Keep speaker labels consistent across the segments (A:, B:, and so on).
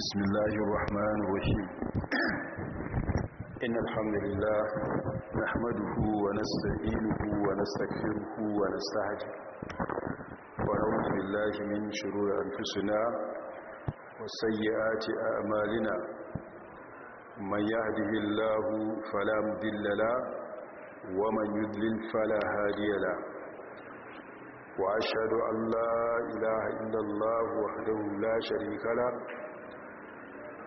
A: بسم الله الرحمن الرحيم إن الحمد لله نحمده ونستعينه ونستغفره ونستهديه ونعوذ بالله من شرور أنفسنا وسيئات أعمالنا من يهده الله فلا مضل له ومن يضلل فلا هادي له وأشهد أن لا إله إلا الله وحده لا شريك له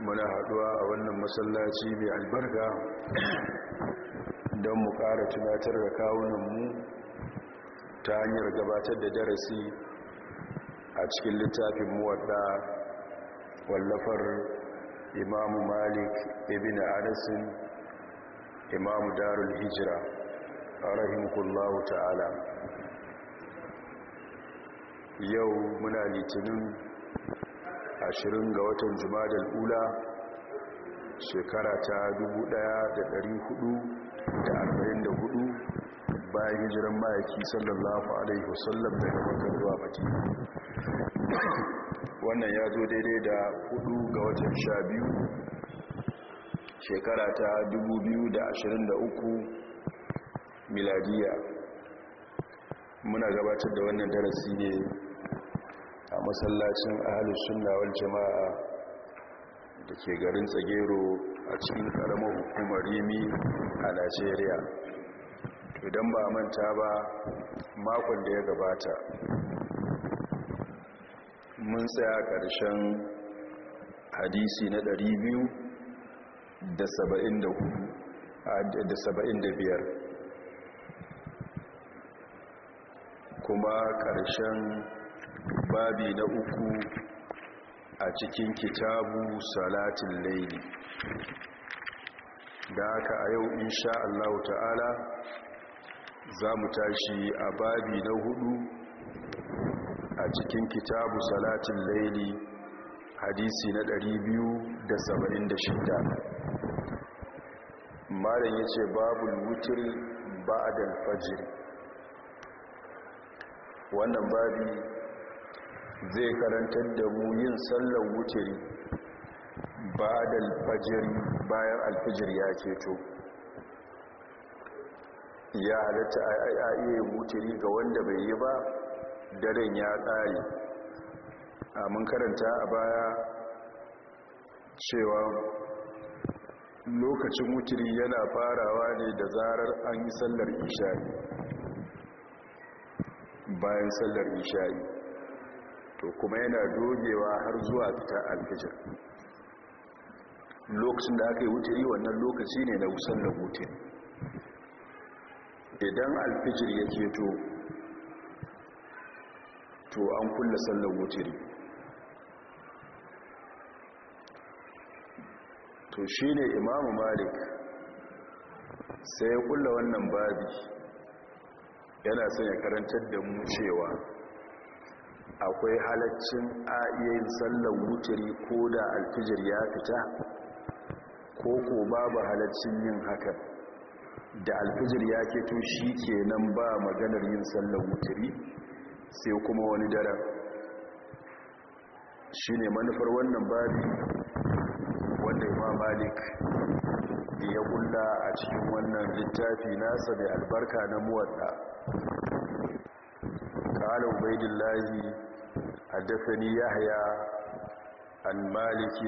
A: muna haɗuwa a wannan masallaci mai albarka don mu ƙara tunatar da kawunanmu ta hanyar gabatar da darasi a cikin littafin muwadda wallafar imamu malik ibn adasin imamu darul hijira a rahimkullahu ta'ala yau muna litinin ashirin ga watan jumadal ula shekara ta 1444 bayan hijiran mayaki sallallahu alaihi wasallam daga makar zuwa madina wannan ya zo daidai da 4 ga watan sha biyu shekara ta 2023 miladiya muna gabatar da wannan darasi ne a masallacin ahalus suna wal jama'a da ke garin tsagero a cikin karamar hukumar rimi a najeriya idan ba manta ba makon da ya gabata mun tsaya ƙarshen hadisi na da da saba'in biyar. kuma ƙarshen babi na uku a cikin kitabu salatin laili da haka a yau insha Allah ta'ala za mu tashi a babi na hudu a cikin kitabu salatin laili hadisi na ɗari biyu da da shida. malam ya ce babu wutir ba'adal fajiri wannan babi zai karantar da mu yin sallar wuturi ba da alfajiri bayan alfijir ya ceto ya halatta a iya wuturi ga wanda bai yi ba daren ya tsari. a mun karanta a baya cewa lokacin wuturi yana farawa ne da zarar an yi sallar isha'i bayan sallar isha'i to kuma yana dogewa har zuwa fita alfijir lokacin da aka yi yi wannan lokaci ne na da wuturi idan alfijir ya keto to an kulla sallar wuturi to shi ne imamu malik sai ya kulla wannan babi yana son ya karantar da mu cewa akwai halaccin a yin sallar wuturi ko da alfijir ya fita ko ko babu halaccin yin haka da alfijir ya keto shi kenan ba maganar yin sallar wuturi sai kuma wani daren shi ne manufar wannan babi wanda imam malik ya kulla a cikin wannan littafi nasa mai albarka na muwadda قال عبيد الله حدثني يحيى عن مالك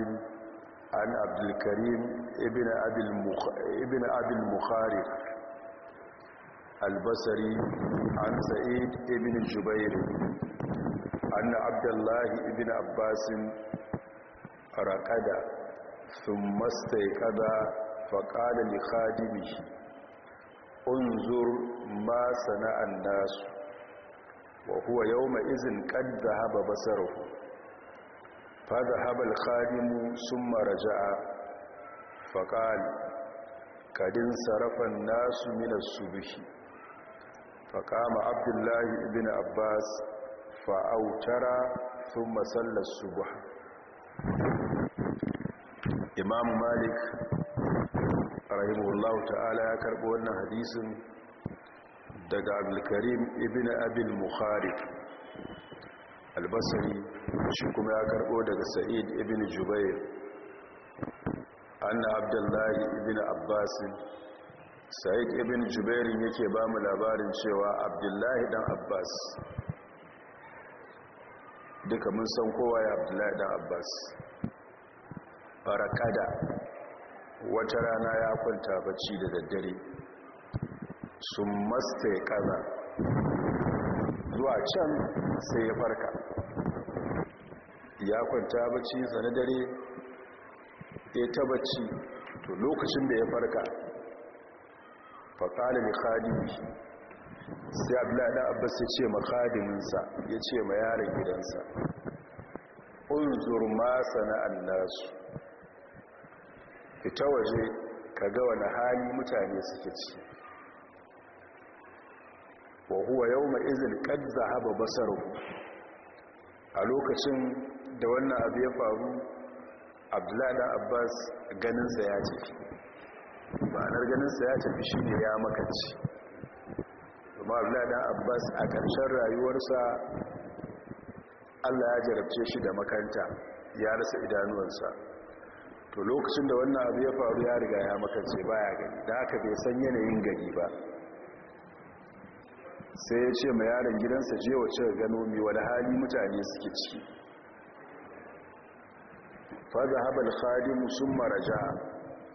A: عن عبد الكريم ابن أبي, المخ... ابن أبي المخارق البصري عن سعيد ابن الجبير أن عبد الله ابن عباس رقد ثم استيقظ فقال لخادمه انظر ما صنع الناس wa huwa yawma izin qad dhahaba basaruhu fa dhahaba al-qadim thumma raja'a fa qala kadin sarafan nasu min as-subhi fa qama abdullahi ibn abbas fa autara thumma salla as-subha imam malik rahimahullahu ta'ala ya karɓi wannan hadisin daga abdulkarim ibn abin muharib albasari shi kuma ya karbo daga sa'id ibn jubair anna abdullahi ibn Abbas sa'id ibn jubairin yake ba mu labarin cewa abdullahi dan abbas duka mun san kowa ya abdullahi dan abbas barakada wata rana ya kwanta bacci da daddare sun masta ya kaza zuwa can sai ya farka ya kwanta bacci zane dare ya ta bacci to lokacin da ya farka faƙalin khadimi sai abdullahi abbas ya ce makadiminsa ya ce ma yaron gidansa unzur ma sana'an nasu fita waje ka ga wani hali mutane suke ciki wa huwa yawma izin qad zahaba basaruhu a lokacin da wannan abu ya faru abdullahi abbas ganinsa ya ce ma'anar ganinsa ya tafi shi ne ya makanci kuma abdullahi abbas a ƙarshen rayuwarsa allah ya jarabce shi da makanta ya rasa idanuwansa to lokacin da wannan abu ya faru ya riga ya makance baya gani da aka bai san yanayin gari ba sai ya ce ma yaron gidansa je wace gano mi wani hali mutane suke ciki faza habal khadimu sun maraja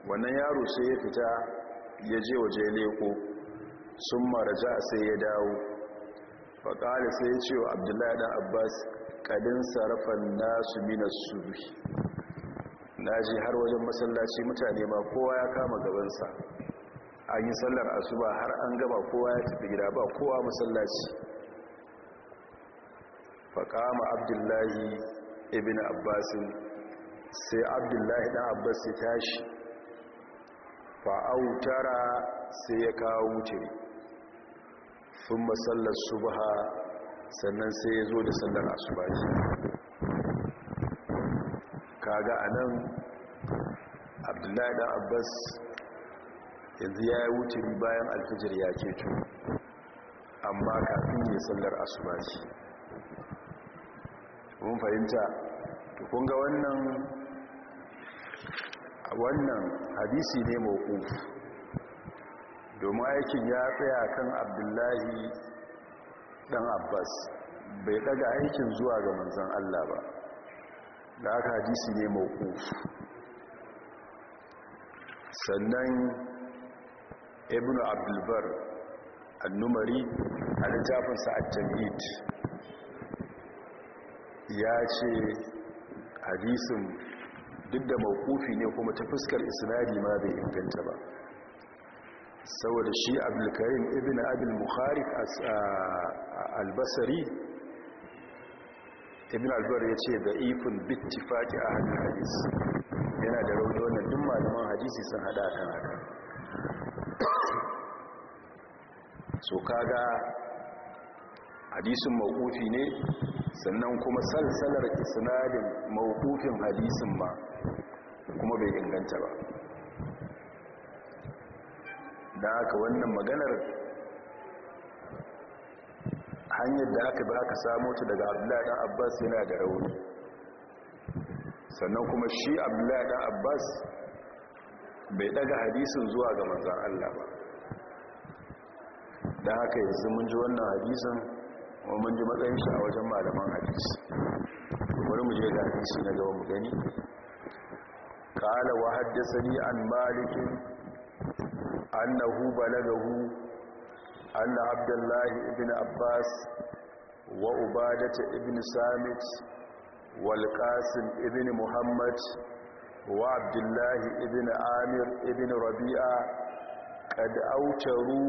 A: wannan yaro sai ya fita ya je waje leko sun maraja sai ya dawo faƙali sai ya ce wa abdullahi ɗan abbas ƙadin sarrafa nasu minas suri na ji har wajen masallaci mutane ma kowa ya kama gabansa an yi sallar asuba har an gaba kowa ya tafi gida ba kowa masallaci faƙama abdullahi ibn abbasin sai abdullahi ɗan abbas ya tashi fa'autara sai ya kawo wuce sun masallar subha sannan sai ya zo da sallar asuba shi kaga anan abdullahi ɗan abbas yanzu ya yi wuturi bayan alfijir ya keto amma kafin ya sallar asuba ce mun fahimta tukun ga wannan wannan hadisi ne mawukuf domin aikin ya tsaya kan abdullahi dan abbas bai daga aikin zuwa ga manzan allah ba da aka hadisi ne mawukuf sannan ibn abdulbar annumari a littafinsa a jam'id ya ce hadisin duk da makufi ne kuma ta fuskar isnadi ma bai inganta ba saboda shi abdulkarim ibn abdul a albasari ibn albar ya ce da ifin bittifaki a hannun hadis yana da rauni wannan duk malaman hadisi sun hada kan haka so kaga hadisin makufi ne sannan kuma salsalar isnadin mawqufin hadisin ma kuma bai inganta ba da aka wannan maganar hanyar da aka ba aka samu ta daga abdullahi dan abbas yana da rauni sannan kuma shi abdullahi dan abbas bai daga hadisin zuwa ga manzan Allah ba da haka yanzu mun ji wannan hadisin kuma mun ji matsayin shi a wajen malaman hadis bari muje da hadisi na gaba mu gani qala wa haddathani an malik annahu balagahu na abdullahi ibn abbas wa ubadata ibn samit wal ibn muhammad wa abdullahi ibn amir ibn rabi'a kad autaru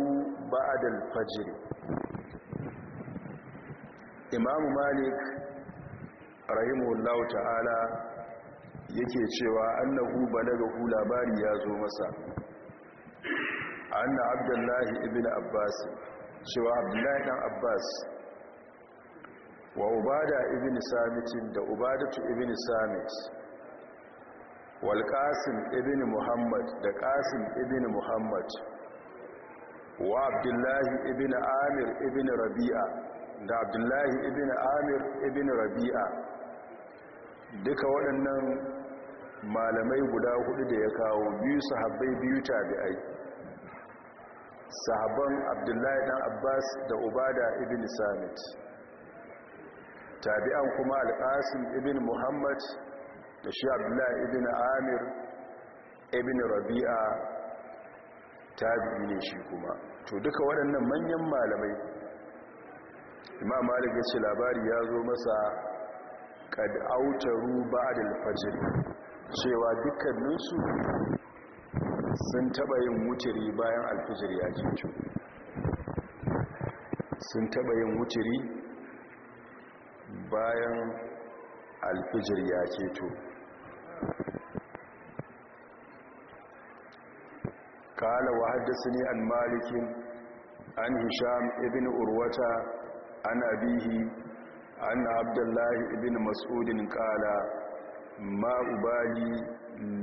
A: ba'd al-fajr imam malik rahimahullahu ta'ala yake cewa annahu balagahu labari ya zo masa anna abdullahi ibn abbas cewa abdullahi dan abbas wa ubada ibn samitin da ubadatu ibn samit wal qasim ibn muhammad da qasim ibn muhammad wa abdullahi ibn amir ibn rabi'a da abdullahi ibn amir ibn rabi'a duka waɗannan malamai guda hudu da ya kawo biyu sahabbai biyu tabi'ai sahabban abdullahi dan abbas da ubada ibn samit tabi'an kuma alƙasim ibn muhammad da shi abdullahi ibn amir ibn rabi'a tabi'i ne shi kuma to duka waɗannan manyan malamai imam malik ya ce labari ya zo masa kad autaru ba'd al-fajr cewa dukkaninsu sun taba yin wuturi bayan alfijir ya to sun taba yin wuturi bayan alfijir ya to قال وحدثني عن مالك عن هشام ابن أروة عن أبيه عن عبد الله ابن مسعود قال ما أبالي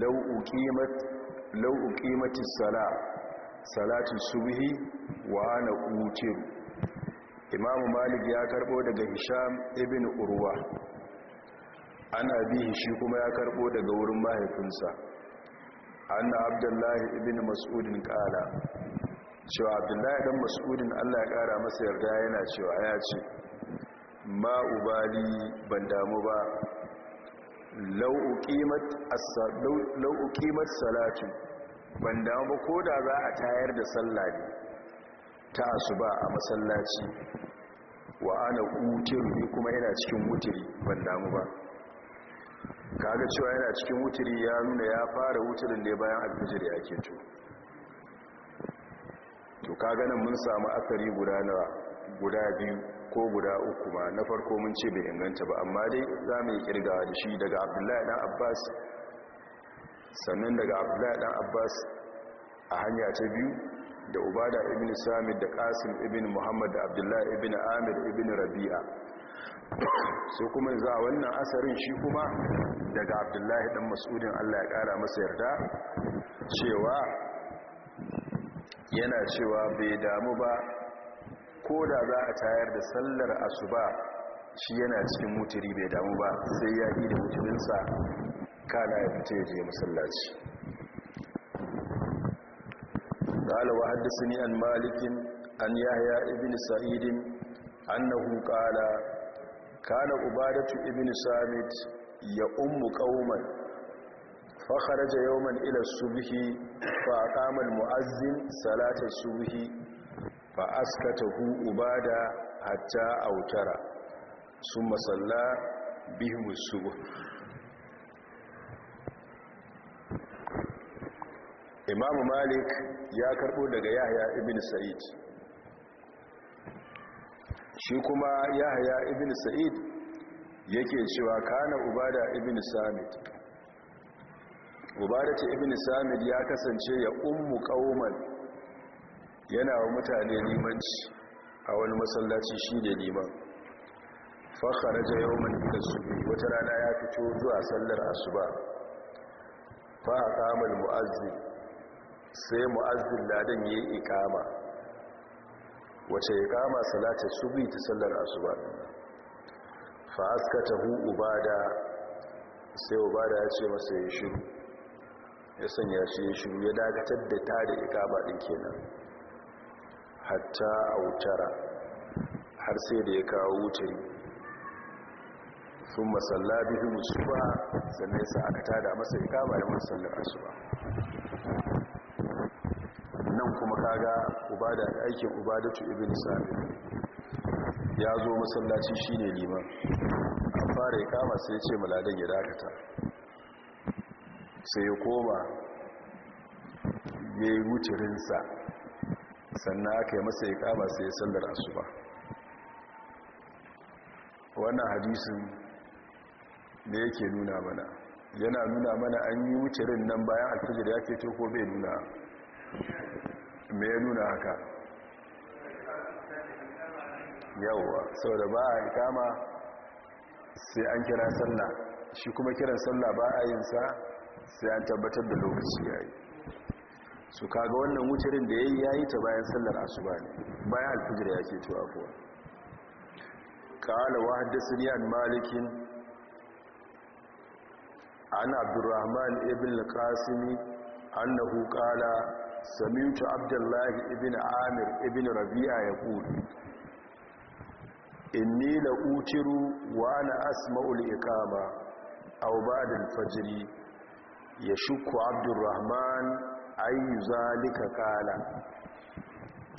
A: لو أقيمت لو أقيمت الصلاة صلاة الصبح وأنا أوتر إمام مالك يا كربو دغ هشام ابن أروة عن أبيه شي kuma ya karbo daga wurin mahaifinsa anna abdullahi ibn mas'udin kala cewa abdullahi dan mas'udin Allah ya kara masa yarda yana cewa ya ce ma ubali ban damu ba law uqimat law uqimat salatu ban damu ba koda za a tayar da sallah ne ta asuba a masallaci wa ana utiru kuma yana cikin mutiri? ban damu ba kaga cewa yana cikin wuturi ya nuna ya fara wutirin ne bayan alfijir ya ke to to kaga nan mun samu akari guda na guda biyu ko guda uku ma na farko mun ce bai inganta ba amma dai za mu yi kirgawa da shi daga abdullahi dan abbas sannan daga abdullahi dan abbas a hanya ta biyu da ubada ibn samid da qasim ibn muhammad da abdullahi ibn amir ibn rabi'a sai kuma yanzu a wannan asarin shi kuma daga abdullahi dan mas'udin allah ya kara masa yarda cewa yana cewa bai damu ba ko da za a tayar da sallar asuba shi yana cikin mutiri bai damu ba sai ya yi da mutuminsa kana ya fita ya je masallaci قال وحدثني عن مالك عن يحيى بن سعيد أنه قال kana ubadatu ibn samit ya ummu qauman fa kharaja yawman ila subhi fa aqama almu'azzin salata subhi fa askata hu ubada hatta autara summa salla bihim subh imam malik ya karbo daga yahya ibn sa'id shi kuma yahaya ibn sa'id yake cewa kana ubada ibn samit ubada ta ibn samit ya kasance ya ummu qauman yana wa mutane limanci a wani masallaci shi da liman fakharaja yawman ila subhi wata rana ya fito zuwa sallar asuba fa aqama al-mu'azzin sai mu'azzin ladan yayi ikama. wace ya kama salata subi ta sallar asuba fa hu ubada sai ubada ya ce masa ya shiru ya sanya shi ya shiru ya dakatar da ta da ikaba din kenan hatta a wutara, har sai da ya kawo wutari sun masalla bihi musuba sannan sa aka tada masa ikaba da masallar asuba nan kuma kaga ubada aikin ubadatu ibn sami ya zo masallaci shine liman an fara ya kama sai ce maladan ya dakata sai ya koma ya yi wucirinsa sannan aka yi masa ya kama sai ya sallar asuba wannan hadisin da yake nuna mana yana nuna mana an yi wucirin nan bayan alfijir ya fito ko bai nuna me ya nuna haka yawwa sau da ba a kama sai an kira sallah shi kuma kiran sallah ba a yinsa sai an tabbatar da lokaci ya yi su kaga wannan wucirin da ya yi ya yi ta bayan sallar asuba ne bayan alfijir ya ce to afuwa قال وحدثني ana مالك عن عبد الرحمن al القاسم na قال samitu abdullahi ibn amir ibn rabi'a ya kuri inni la utiru wa asma'ul ikama aw ba'da al-fajr yashku abdurrahman ay zalika qala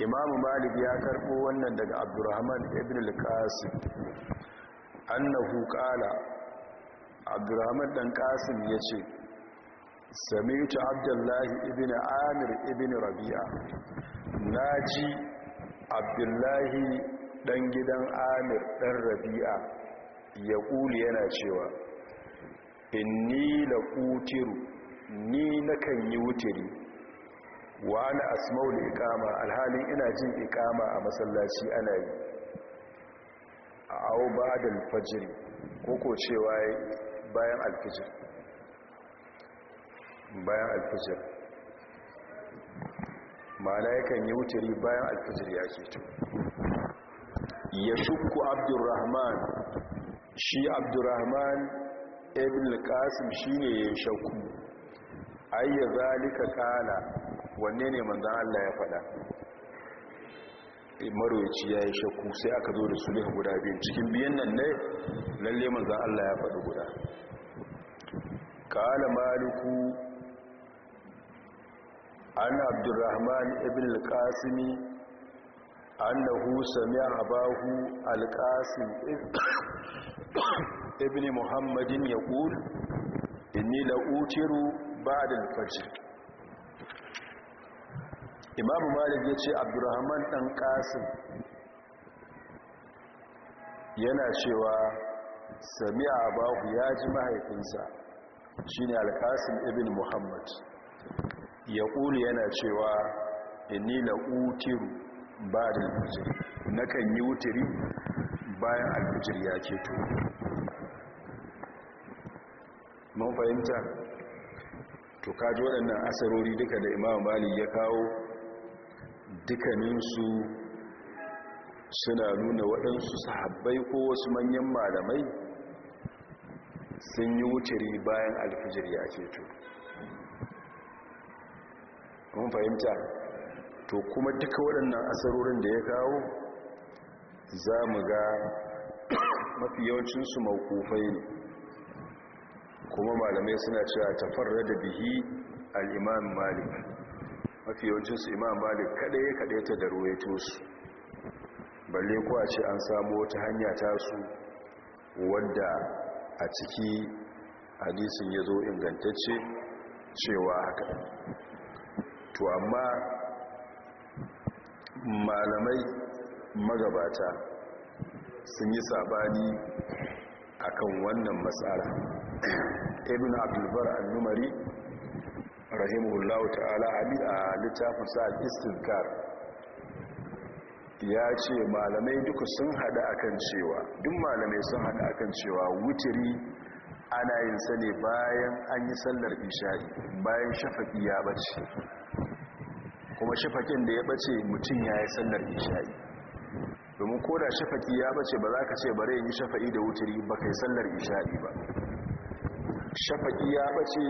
A: imam malik ya karbo wannan daga abdurrahman ibn al-qasim annahu qala abdurrahman dan qasim yace sami'tu abdullahi ibn amir ibn rabi'a naji abdullahi ɗan gidan amir ɗan rabi'a ya kuli yana cewa ni la kutiru ni nakan yi wutiri wa ana asma'ul ikama alhalin ina jin iqama a masallaci ana yi a au ba'da al-fajr ko cewa bayan al bayan alfijir ma'ana yakan yi wuturi bayan alfijir ya keto ya shukku abdurrahman shi abdurrahman ibn al-qasim shine ya shakku ayya zalika kala wanne ne manzon Allah ya faɗa eh, marwaci ya yi shakku sai aka zo da su guda biyu cikin biyan nan ne lalle manzon Allah ya faɗi guda kala maliku an abdurrahman ibn al-qasimi annahu sami'a abahu al-qasim ibn muhammadin yaqul inni la'utiru ba'da al-fajr Imam malik yace abdurrahman dan qasim yana cewa sami'a abahu ya ji mahaifinsa shine al-qasim ibn muhammad ya ƙuli yana cewa inni Utiru ba da alfijir na kan yi wutiri bayan alfijir ya keto mun fahimta to kaji waɗannan asarori duka da imam mali ya kawo dukaninsu suna nuna waɗansu sahabbai ko wasu manyan malamai sun yi wutiri bayan alfijir ya keto kun fahimta to kuma duka waɗannan asarorin da ya kawo za mu ga mafi yawancinsu maukufai ne kuma malamai suna cewa tafarra da bihi al'imam malik mafi yawancinsu imam malik kaɗai kaɗai ta da ruwaito su balle ko ce an samu wata hanya tasu wadda a ciki hadisin ya zo ingantacce cewa haka to amma malamai magabata sun yi sabani akan wannan matsala ibn abdulbar al-numari rahimahullahu ta'ala a littafin sa al-istinkar ya ce malamai duka sun hada akan cewa duk malamai sun hada akan cewa wuturi. ana yin sa ne bayan an yi sallar isha'i bayan shafaki ya bace kuma shafakin da ya bace mutum ya yi sallar isha'i domin ko da shafaki ya bace ba za ka ce bare yin shafa'i da wuturi ba kai sallar isha'i ba shafaki ya bace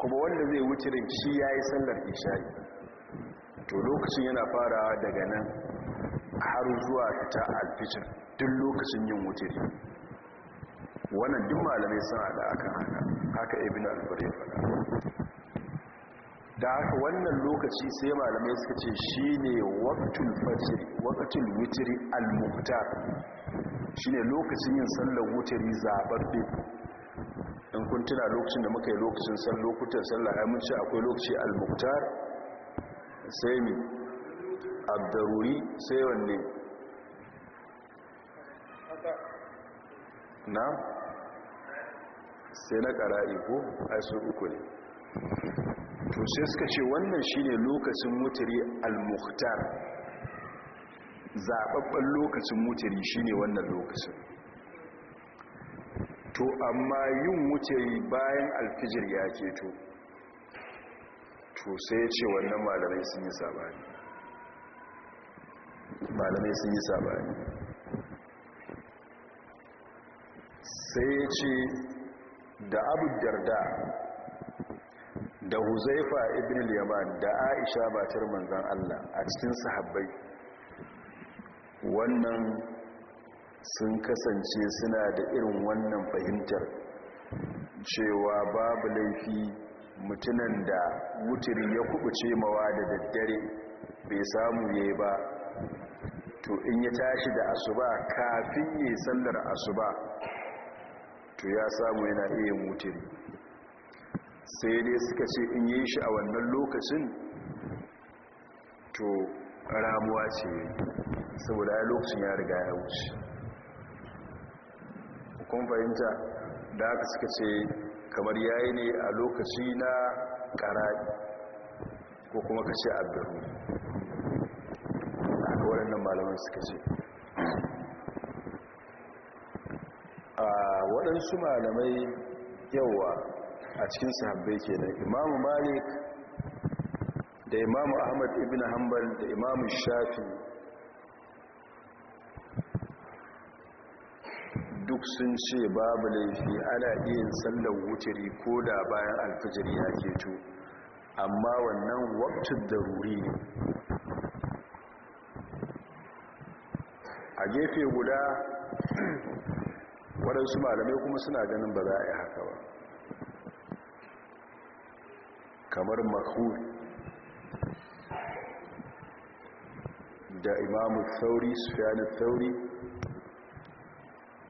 A: kuma wanda zai wuturin shi ya yi sallar isha'i to lokacin yana farawa daga nan har zuwa ta alfijir duk lokacin yin wuturi wannan duk malamai sun hada akan haka haka ibn al bari ya faɗa da haka wannan lokaci sai malamai suka ce shine waqtul fajr waqtul witri al-muqtar shine lokacin yin sallar witri zababbe in kun tuna lokacin da muka yi lokacin sallar lokutan sallar ai mun ce akwai lokaci al-muqtar sai mi abdaruri sai wanne na sai na ƙara'i ko aisu uku ne to sai suka ce wannan shine lokacin mutari al-mukhtar zaɓaɓɓen lokacin mutari shine wannan lokacin to amma yin mutari bayan alfijir ya keto to sai ce wannan malamai sun yi sabani malamai sun yi sabani sai ya ce da abu darda da huzaifa ibn al-yaman da aisha batar manzan allah a cikin sahabbai wannan sun kasance suna da irin wannan fahimtar cewa babu laifi mutunan da wuturi ya kubuce mawa da daddare bai samu ya ba to in ya tashi da asuba kafin yi sallar asuba to ya samu yana iya mutiri sai dai suka ce in yi shi a wannan lokacin to ramuwa ce saboda ya lokacin ya riga ya wuce kun fahimta da haka suka ce kamar yayi ne a lokaci na ƙara'i ko kuma kashe abdurru a waɗannan malaman suka ce a waɗansu malamai yawa a cikin sahabbai ke nan imamu malik da imamu ahmad ibn hanbal da imamu shafi duk sun ce babu laifi ana iya sallar wuturi ko da bayan alfajiri ya keto amma wannan waktun ruri ne a gefe guda waɗansu malamai kuma suna ganin ba za a yi haka ba kamar makhul da imamu Sauri sufiyanu tsauri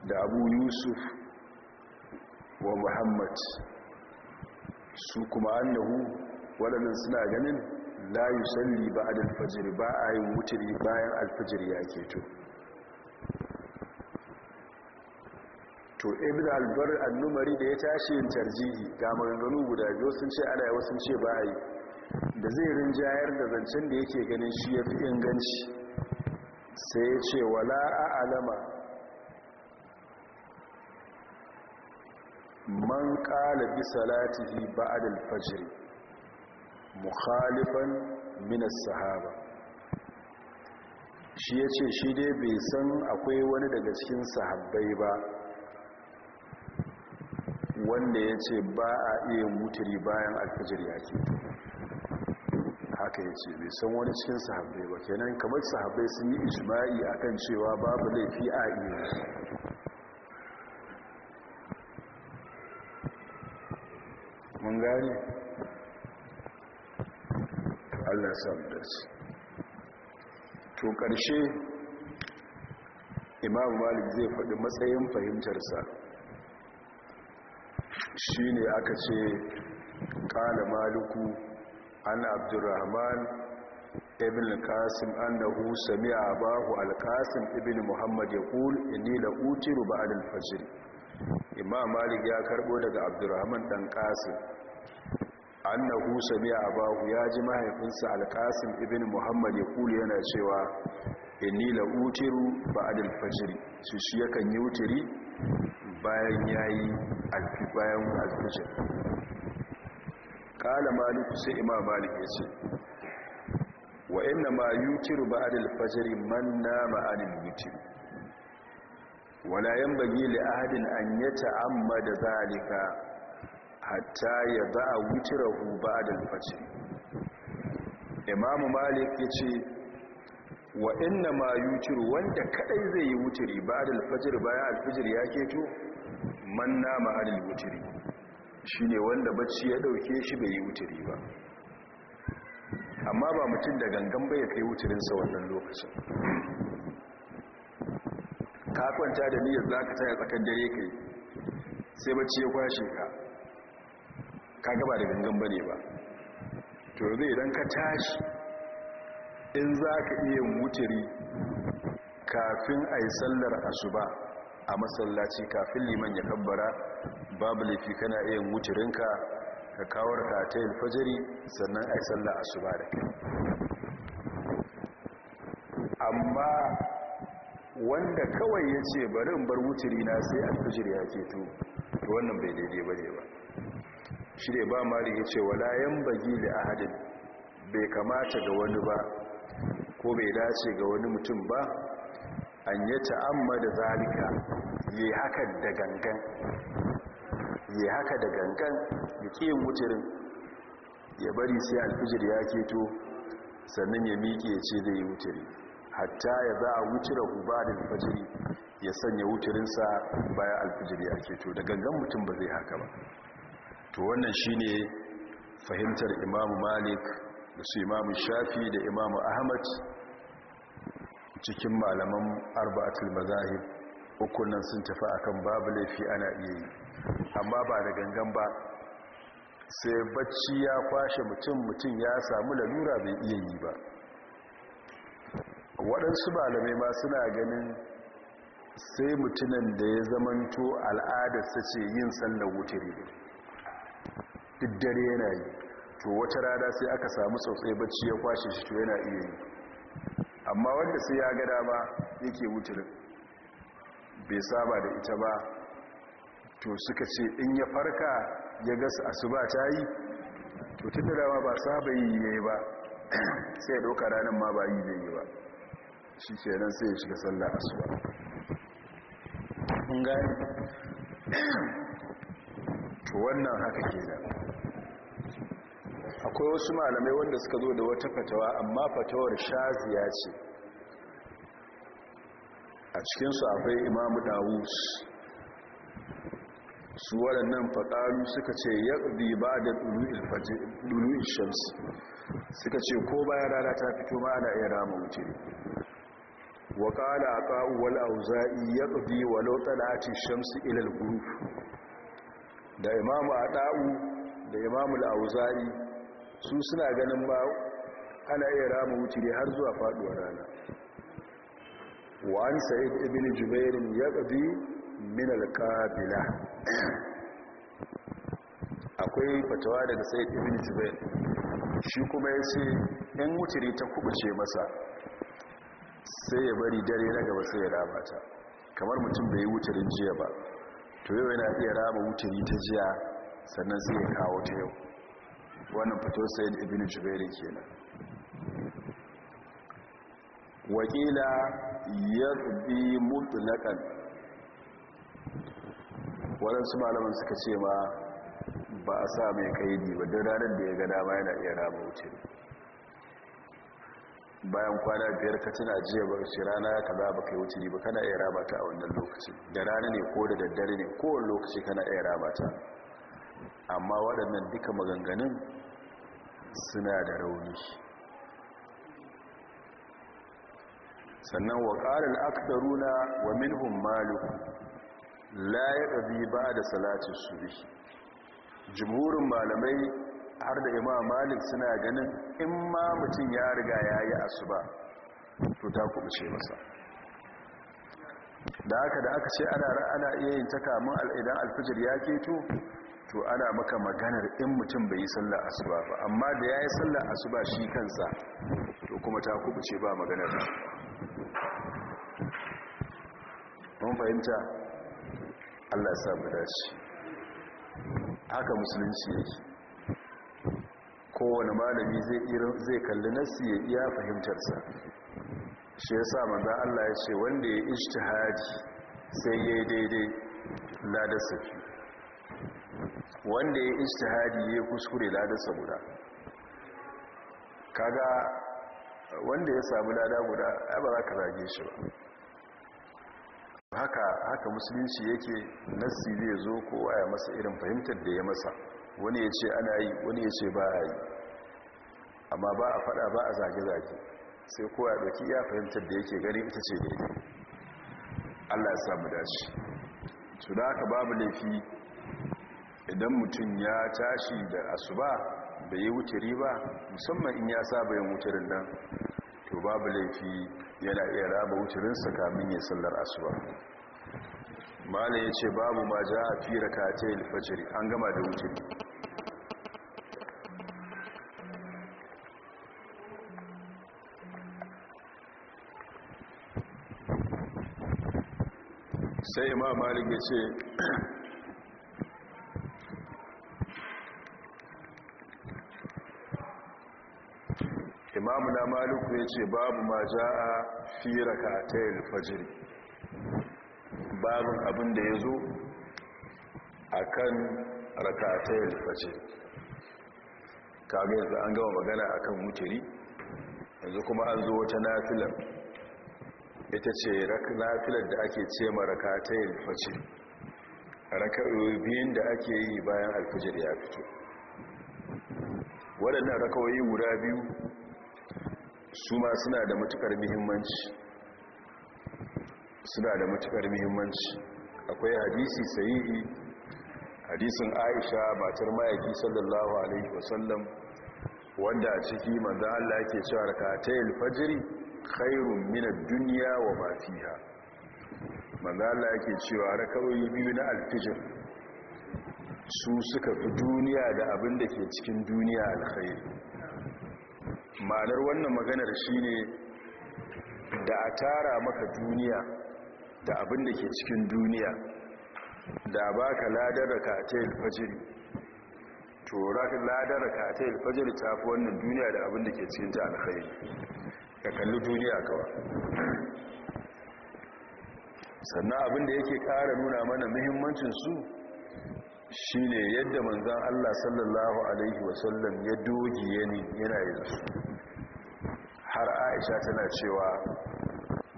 A: da abu yusuf wa muhammad su kuma annahu waɗannan suna ganin Layu, salli ba adal dalfajir ba a yin wuturi bayan alfajir ya to to ibn albar annumari da ya tashi yin tarjihi ga maganganu guda biyu sun ce ana yawa sun ce ba yi da zai rinjayar da zancen da yake ganin shi ya fi inganci sai ya ce wala a alama man kala bi salatihi ba adal fajiri, mukhalifan minas sahaba shi ya ce shi dai bai san akwai wani daga cikin sahabbai ba wanda ya ce ba a iya mutari bayan alfajir ya keto haka ya ce bai san wani cikin sahabbai ba kenan kamar sahabbai sun yi ishma'i akan cewa babu laifi a iya mun gane allah samu to ƙarshe imam malik zai faɗi matsayin fahimtarsa shi ne aka ce ƙala maliku an abdurrahman ibn al-qasim annahu sami'a abahu al-qasim ibn muhammad yaqul inni la utiru ba'da al-fajr imam malik ya karbo daga abdurrahman dan qasim annahu sami'a abahu ya ji mahaifinsa al-qasim ibn muhammad yaqul yana cewa inni la utiru ba'da al-fajr shi yakan yi wutiri bayan ya yi alfi bayan alfijir kala maliku sai ima malik ya ce wa ina ma yutiru ba adil fajari man nama anil yutiru wala yan bagi li ahadin an ya ta'amma da zalika hatta ya za a wutirahu ba adil fajari imamu malik ya ce wa ina ma yutiru wanda kadai zai yi wuturi ba da alfajir bayan alfajir ya keto man nama anil wutiri shine wanda bacci ya dauke shi bai yi wutiri ba amma ba mutum da gangan bai kai wutirinsa wannan lokacin ka kwanta da niyyar ka taya tsakan dare kai sai bacci ya kwashe ka ka gaba da gangan ne ba to zai idan ka tashi in za ka iya wutiri kafin a ayi sallar asuba a masallaci kafin liman ya kabbara babu laifi kana iya wucirinka ka kawar ka ta yin fajari sannan a yi sallah a su ba da kai amma wanda kawai ya ce bari in bar wuciri na sai alfajir ya keto to wannan bai daidai ba ne ba shi ne ba mari ya ce wala yan bagi da ahadin bai kamata ga wani ba ko bai dace ga wani mutum ba an yi ta'amma da zalika yi haka da gangan yi haka da gangan ya ke mutirin ya bari sai alfijir ya keto sannan ya miƙe ce zai yi wuciri hatta ya za a wucira guba da alfijiri ya sanya wucirinsa bayan alfijir ya keto da gangan mutum ba zai haka ba to wannan shi ne fahimtar imamu malik da su imamu shafi da imamu ahmad cikin malaman arba'atul mazahib hukunan sun tafi akan babu laifi ana iya yi amma ba da gangan ba sai bacci ya kwashe mutum mutum ya samu lalura bai iya yi ba waɗansu malamai ma suna ganin sai mutumin da ya zamanto al'adarsa ce yin sallar wuturi duk dare yana yi to wata rana sai aka samu sautsai bacci ya kwashe shi to yana iya yi amma wanda sai ya gada ba yake wutar bai saba da ita ba to suka ce in ya farka ya gasa ba ta yi to dama ba saba yi ya yi ba sai ya ɗauka ranar ma ba yi zai yi ba shi ke nan sai ya shiga sallah asuba to wannan haka ke da akwai wasu malamai wanda suka zo da wata fatawa amma fatawar shaziya ce a cikinsu akwai imamu dawus su waɗannan faɗaru suka ce ya ba da ɗulu'in shamsi suka ce ko bayan rana ta fito ma ana iya rama wuce waƙala a ƙa'uwal auza'i ya ɗubi walau talatin shamsi ilal guru da imamu a ɗa'u da imamu la'auza'i su suna ganin ba ana iya rama wuturi har zuwa faduwar rana wa'an sa'id ibn jubairin ya ƙabi min alƙabila akwai fatawa daga sa'id ibn jubair shi kuma ya ce in wuturi ta kubuce masa sai ya bari dare na gaba sai ya rama ta kamar mutum bai yi wuturin jiya ba to yau yana iya rama wuturi ta jiya sannan sai ya kawo ta yau wannan fito sayid ibn jubairi kenan wakila yarbi mutlaqan waɗansu malaman suka ce ma ba a sa mai kaidi ba don ranar da ya ga dama yana iya rama wuce bayan kwana biyar ka tana jiya ba shi rana ka za ba kai wuce ba kana iya rama ta a wannan lokaci da rana ne ko da daddare ne kowane lokaci kana iya rama ta amma waɗannan duka maganganun suna da rauni sannan wa ƙarin na wa minhum maluku la ya ɗabi ba da salatin bi jimurin malamai har da imam malik suna ganin in ma mutum ya riga ya yi asuba to ta kubuce masa da haka da aka ce ana iya yin ta kamun al'idan alfijir ya keto to ana maka maganar in mutum bai yi sallar asuba ba amma da ya yi sallar asuba shi kansa to kuma ta kubuce ba maganar mun fahimta allah ya mu dace haka musulunci yake kowane malami zai kalli nasi ya iya fahimtarsa shi ya sa maza allah ya ce wanda ya ishtihadi sai ya yi daidai ladar safi wanda ya istihadi ya kuskure ladarsa guda kaga wanda ya samu lada guda ya ba za ka zage shi ba haka haka musulunci yake nassi zai zo kowa ya masa irin fahimtar da ya masa wani ya ce ana yi wani ya ce ba a yi amma ba a fada ba a zage-zage sai kowa ɗauki ya fahimtar da yake gari ita ce da allah ya samu dace su da haka babu laifi idan mutum ya tashi da asuba bai yi wuturi ba musamman in ya saba yin wuturin nan to babu laifi yana iya raba wucirinsa kamin ya sallar asuba Malam ya ce babu ma ja a fi rakata ilfajiri an gama da wuturi sai ma malik ya ce imamu na Maluku ya ce babu ma ja ka fi rakatayil fajiri babin abin da ya zo a kan rakatayil fajiri kaga yanzu an gama magana akan wuturi yanzu kuma an zo wata nafilar ita ce nafilar da ake ce ma rakatayil fajr raka'o'i biyun da ake yi bayan alfijir ya fito waɗannan rakawoyi guda biyu su ma suna da matukar muhimmanci suna da matukar muhimmanci akwai hadisi sahihi hadisin Aisha matar mayaki sallallahu alaihi wasallam wanda a ciki manzo Allah yake cewa rakatayil fajri khairun mina, duniya, wa ma fiha manzo Allah yake cewa kawai biyu na al su suka fi duniya da abin da ke cikin duniya alkhairi ma'anar wannan maganar shine da a tara maka duniya da abin da ke cikin duniya da ba ka ladar rakatayil fajr to ladar rakatayil fajr ta fi wannan duniya da abin da ke cikin ta alkhairi ka kalli duniya kawa sannan abin da yake ƙara nuna mana muhimmancin su shi ne yadda manzan Allah sallallahu Alaihi wasallam ya doji yani yana yanzu har aisha tana cewa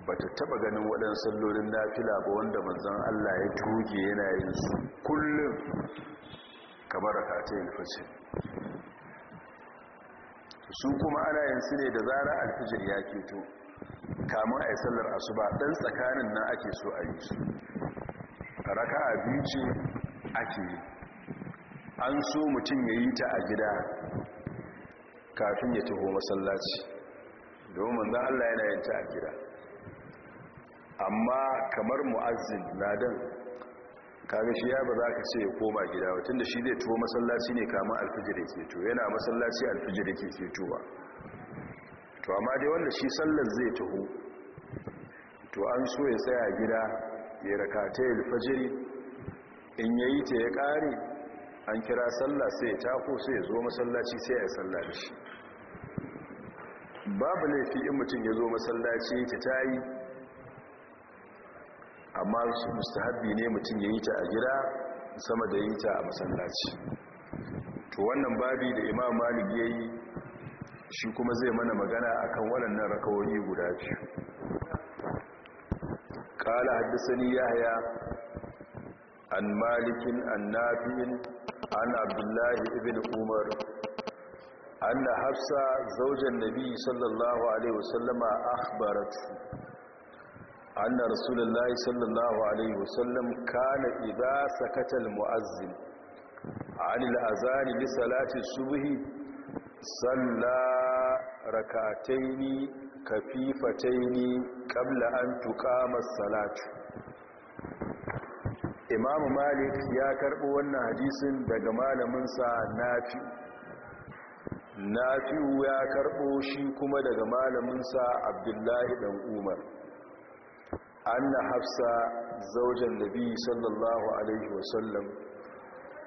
A: ba ta taba ganin waɗansu sallolin nafila ba wanda manzan Allah ya doji yana yanzu kullum kamar da ta yi fashe su kuma ana yanzu ne da zara alfijir ya keto kamun a yi sallar asuba ɗan tsakanin na ake so a yi su raka a raka abinci ake yi an so mutum ya yi ta a gida kafin ya taho masallaci domin za Allah yana yin ta a gida amma kamar mu'azzin ladan kaga shi ya ba za ka ce ya koma gida watan da shi zai tuwo masallaci ne kamar alfijir ya yana masallaci alfijir ya ke tuwa to amma dai wanda shi sallar zai taho to an so ya tsaya gida ya rakata ya alfajiri in yayi ta ya kare an kira sallah sai ya tako sai ya zo masallaci sai ya sallah da shi babu laifi in mutum ya zo masallaci ta tayi amma su mustahabbi ne mutum ya yi ta a gida sama da yi ta a masallaci to wannan babi da imam malik ya yi shi kuma zai mana magana akan waɗannan rakawoyi guda biyu قال حدثني يحيى an malikin an nafi'in an abdullahi ibn umar أن حفصة زوج النبي صلى الله عليه وسلم أخبرته أن رسول الله صلى الله عليه وسلم كان إذا سكت المؤذن عن الأذان لصلاة الصبح صلى ركعتين كفيفتين قبل أن تقام الصلاة imamu malik ya karɓo wannan hadisin daga malaminsa nafi'u nafi'u ya karɓo shi kuma daga malaminsa abdullahi dan umar anna hafsa zaujen nabi sallallahu alaihi wasallam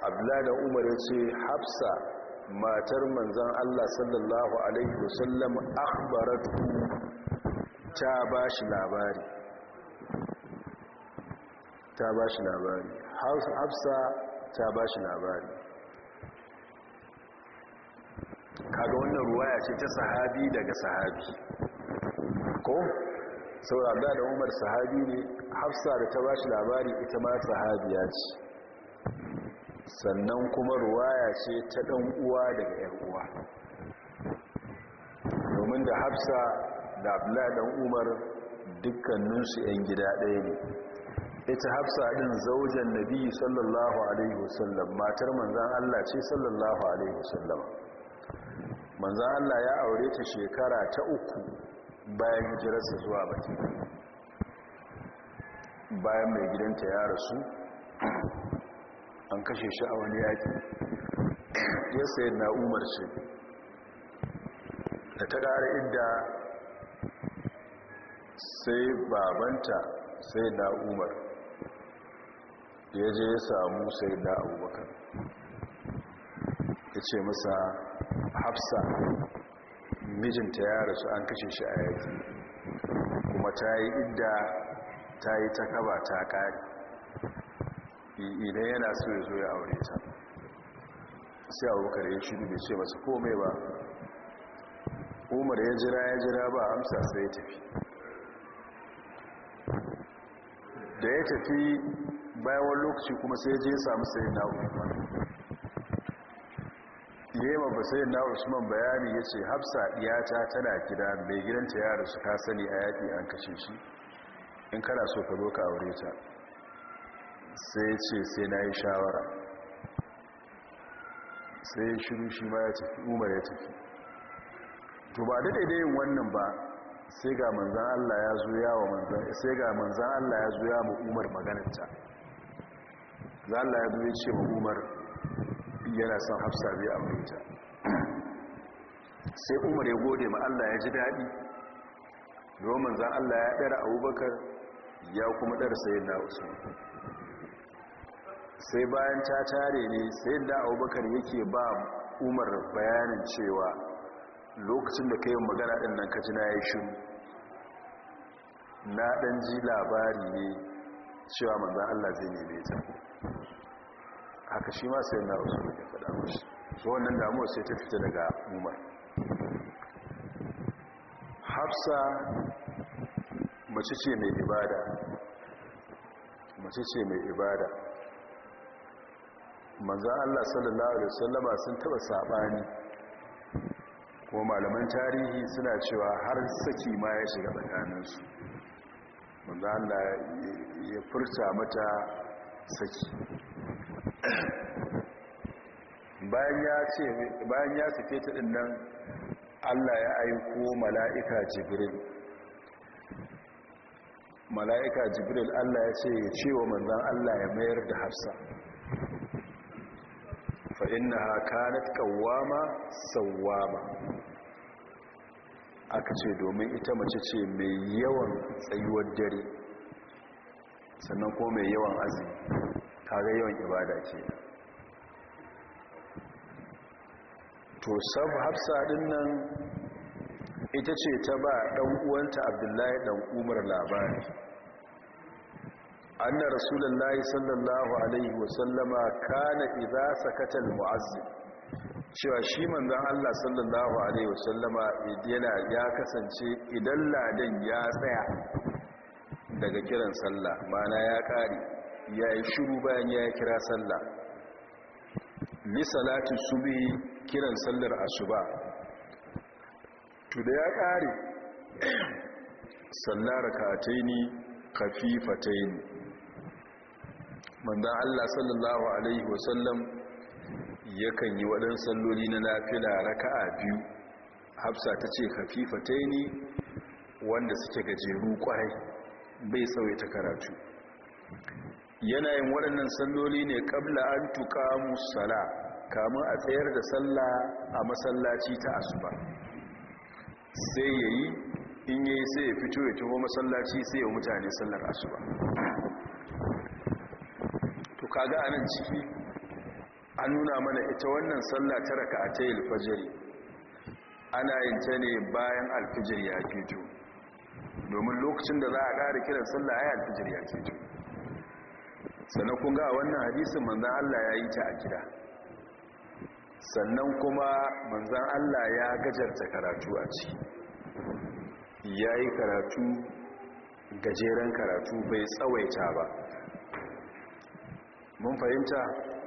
A: abdullahi dan umar ya ce hafsa matar manzan allah sallallahu alaihi wasallam akhbaratu ta ba shi labari ta ba shi labari hafsa ta ba shi labari kaga wannan ruwaya ce ta sahabi daga sahabi ko saurada da umar sahabi ne hafsa da ta ba shi labari ita ma sahabiya ce sannan kuma ruwaya ce ta ɗan uwa daga ‘yan uwa domin da hafsa da abdullahi ɗan umar dukkaninsu ‘yan gida ɗaya ne ita hafsa din zaujan nabi sallallahu alaihi wasallam matar manzan Allah ce sallallahu alaihi wasallam manzan Allah ya aure ta shekara ta uku bayan hijirarsa zuwa baki bayan mai gidanta ya rasu an kashe shi a wani yaki ya sayi na umar ce da ta ƙara inda sai babanta sai na umar ya je ya samu sai da abubakar ya ce masa hafsa mijinta ya rasu an kashe shi a yaki kuma ta yi idda ta yi ta kaba ta kari idan yana so ya zo ya aure ta sai abubakar ya shi bai ce masa komai ba umar ya jira ya jira ba amsa sai ya tafi da ya tafi bayan wani lokaci kuma sai je samu sai na usman yema ba sai na usman bayani ya ce hafsa ɗiyata tana gida mai gidanta ya rasu ta sani a yaƙi an kashe shi in kana so ka zo ka aure ta sai ce sai na yi shawara sai ya shiru shi ma ya tafi umar ya tafi to ba daidai yin wannan ba sai ga manzan Allah ya zo ya wa manzan sai ga Allah ya zo ya mu umar maganarta Za Allah ya zuwa ce umar yana son hafsa zai amurta sai umar ya gode ma Allah ya ji daɗi domin za Allah ya ɗara abubakar ya kuma ɗara sayin na sai bayan ta tare ne sai da abubakar yake ba umar bayanin cewa lokacin da ka yi magana ɗin nan na ya shiru na ɗan ji labari ne cewa manzan Allah zai neme ta haka shi ma sai na wasu ya faɗa mashi su wannan damuwa sai ta fita daga umar hafsa mace ce mai ibada mace ce mai ibada manzan Allah sallallahu Alaihi wasallama sun taɓa saɓani kuma malaman tarihi suna cewa har saki ma ya shiga tsakaninsu wanda Allah ya furta mata saki bayan ya sake ta ɗin nan Allah ya aiko mala'ika jibril mala'ika jibril Allah ya ce ya ce wa manzan Allah ya mayar da hafsa fa'in na haka na sauwa ba aka ce domin ita mace ce mai yawan tsayuwar dare sannan ko mai yawan azumi kaga yawan ibada ce to sab hafsa din nan ita ce ta ba dan uwanta abdullahi dan umar labari anna rasulullahi sallallahu alaihi wasallama kana idza sakata almu'azzin cewa shi manzan Allah sallallahu Alaihi wasallama ya kasance idan Ladin ya tsaya daga kiran sallah mana ya ƙari ya yi shuru bayan ya kira sallah su subi kiran sallar asuba tuda ya ƙari sallar kataini kafifataini manzan Allah sallallahu Alaihi wasallam yakan yi waɗansu salloli na nafila raka'a biyu hafsa ta ce Hafifa, hafifatai ne wanda suke gajeru kwarai bai ta karatu yana yin waɗannan salloli ne ƙabla an tuka musala kamun a tsayar da salla a masallaci ta asuba sai ya yi in yi sai ya fito ya tuho masallaci sai ya mutane sallar asuba to kaga anan ciki an nuna mana ita wannan sallah ta raka a ta alfajiri ana yin ta ne bayan alfijir ya fito domin lokacin da za a ƙara kiran sallah ya alfijir ya fito sannan kun ga wannan hadisin manzan Allah ya yi ta a gida sannan kuma manzan Allah ya gajarta karatu a ci ya yi karatu gajeren karatu bai tsawaita ba mun fahimta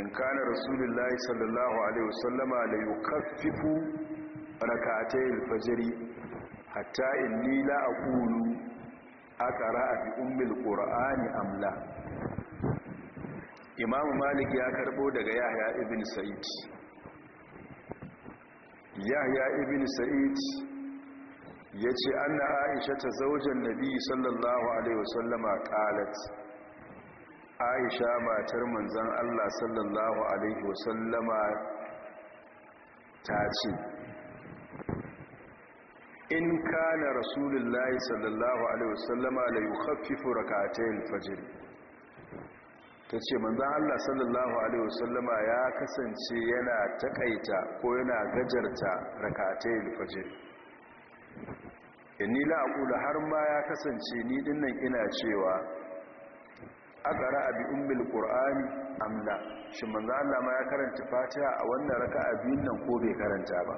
A: in kana rasulullahi sallallahu alaihi wasallama la yukaffifu rak'atay al-fajr hatta inni la aqulu aqra'a bi ummi al-qur'ani am la imamu malik ya karbo daga yahya ibn sa'id yahya ibn sa'id yace anna aisha ta zaujan nabi sallallahu alaihi wasallama qalat aisha matar manzan allah sallallahu alaihi wasallama ta ce in kana rasulullahi sallallahu alaihi wasallama da yukhaffifu rak'atayn fajr ta ce manzan allah sallallahu alaihi wasallama ya kasance yana takaita ko yana gajarta rak'atayn fajir in ni aqulu har ma ya kasance ni dinnan ina cewa aqra bi ummil qur'ani amla shin manzo Allah ma ya karanta fatiha a wannan raka'a biyun nan ko bai karanta ba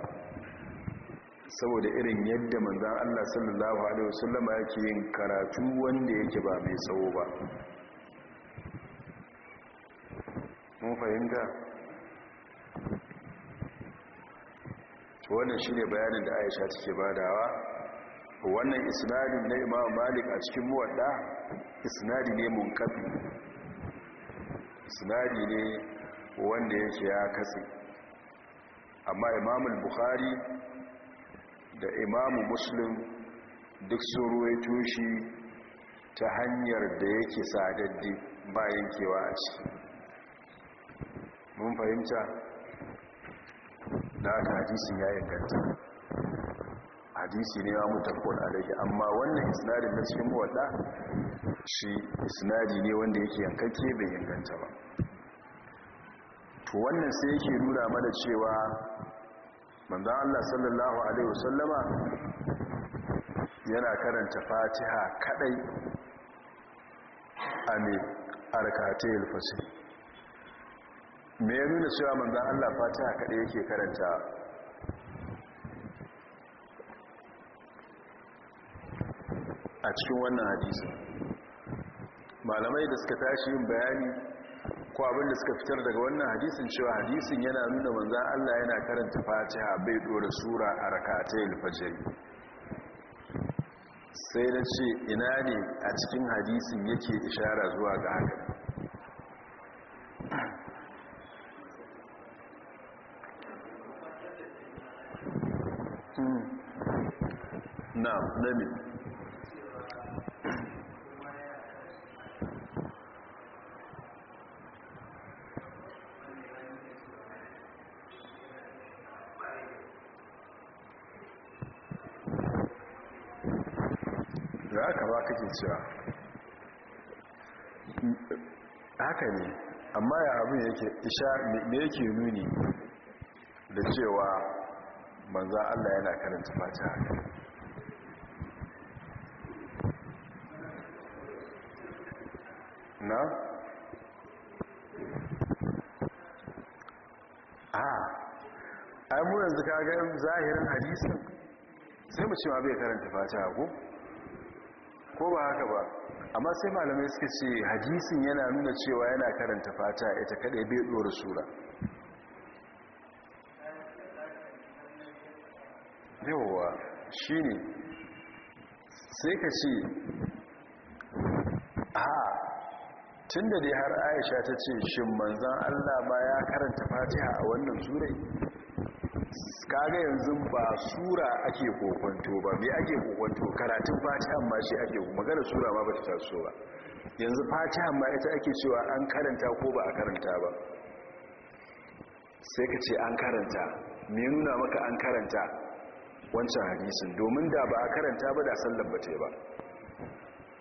A: saboda irin yadda manzo Allah sallallahu Alaihi wasallama yake yin karatu wanda yake ba mai tsawo ba mun fahimta wannan shine bayanin da aisha take badawa wannan isnadin na imam malik a cikin muwadda isnadi ne munkafi isnadi ne wanda yake ya katse amma imamul bukhari da imamu muslim duk sun ruwaito shi ta hanyar da yake sadaddi bayan kewa a ciki mun fahimta da aka hadisin ya inganta hadisi ne wa mutafon alaihi amma wannan isnadin na cikin muwadda shi isnadi ne wanda yake yankakke bai inganta ba to wannan sai yake nuna mana cewa manzo Allah sallallahu alaihi wasallama yana karanta fatiha kadai a ne arkatai alfasir me ya nuna cewa manzan Allah fatiha kadai yake karanta a cikin wannan hadisi malamai da suka tashi yin bayani ko abin da suka fitar daga wannan hadisin cewa hadisin yana nuna manzan Allah yana karanta fatiha bai dora sura a rakatai Fajari. sai na ce ina ne a cikin hadisin yake ishara zuwa ga haka hmm. na nami da haka ba kake cewa haka ne amma ya abin yake isha me yake nuni da cewa manzan Allah yana karanta fata na? a ai mu yanzu kaga zahirin hadisin sai mu ce ma bai karanta fata ko? ko ba haka ba amma sai malamai suka ce hadisin yana nuna cewa yana karanta fata ita kadai bai dora sura yawwa shine sai ka ce a da dai har Aisha ta ce shin manzon Allah ba ya karanta Fatiha a wannan surai kaga yanzu ba sura ake kokwanto ba me ake kokwanto karatun fata, ma shi ake magana sura ma ba ta taso ba yanzu fatiha ma ita ake cewa an karanta ko ba a karanta ba sai ka ce an karanta me nuna maka an karanta wancan hadisin domin da ba a karanta ba da sallar ba ba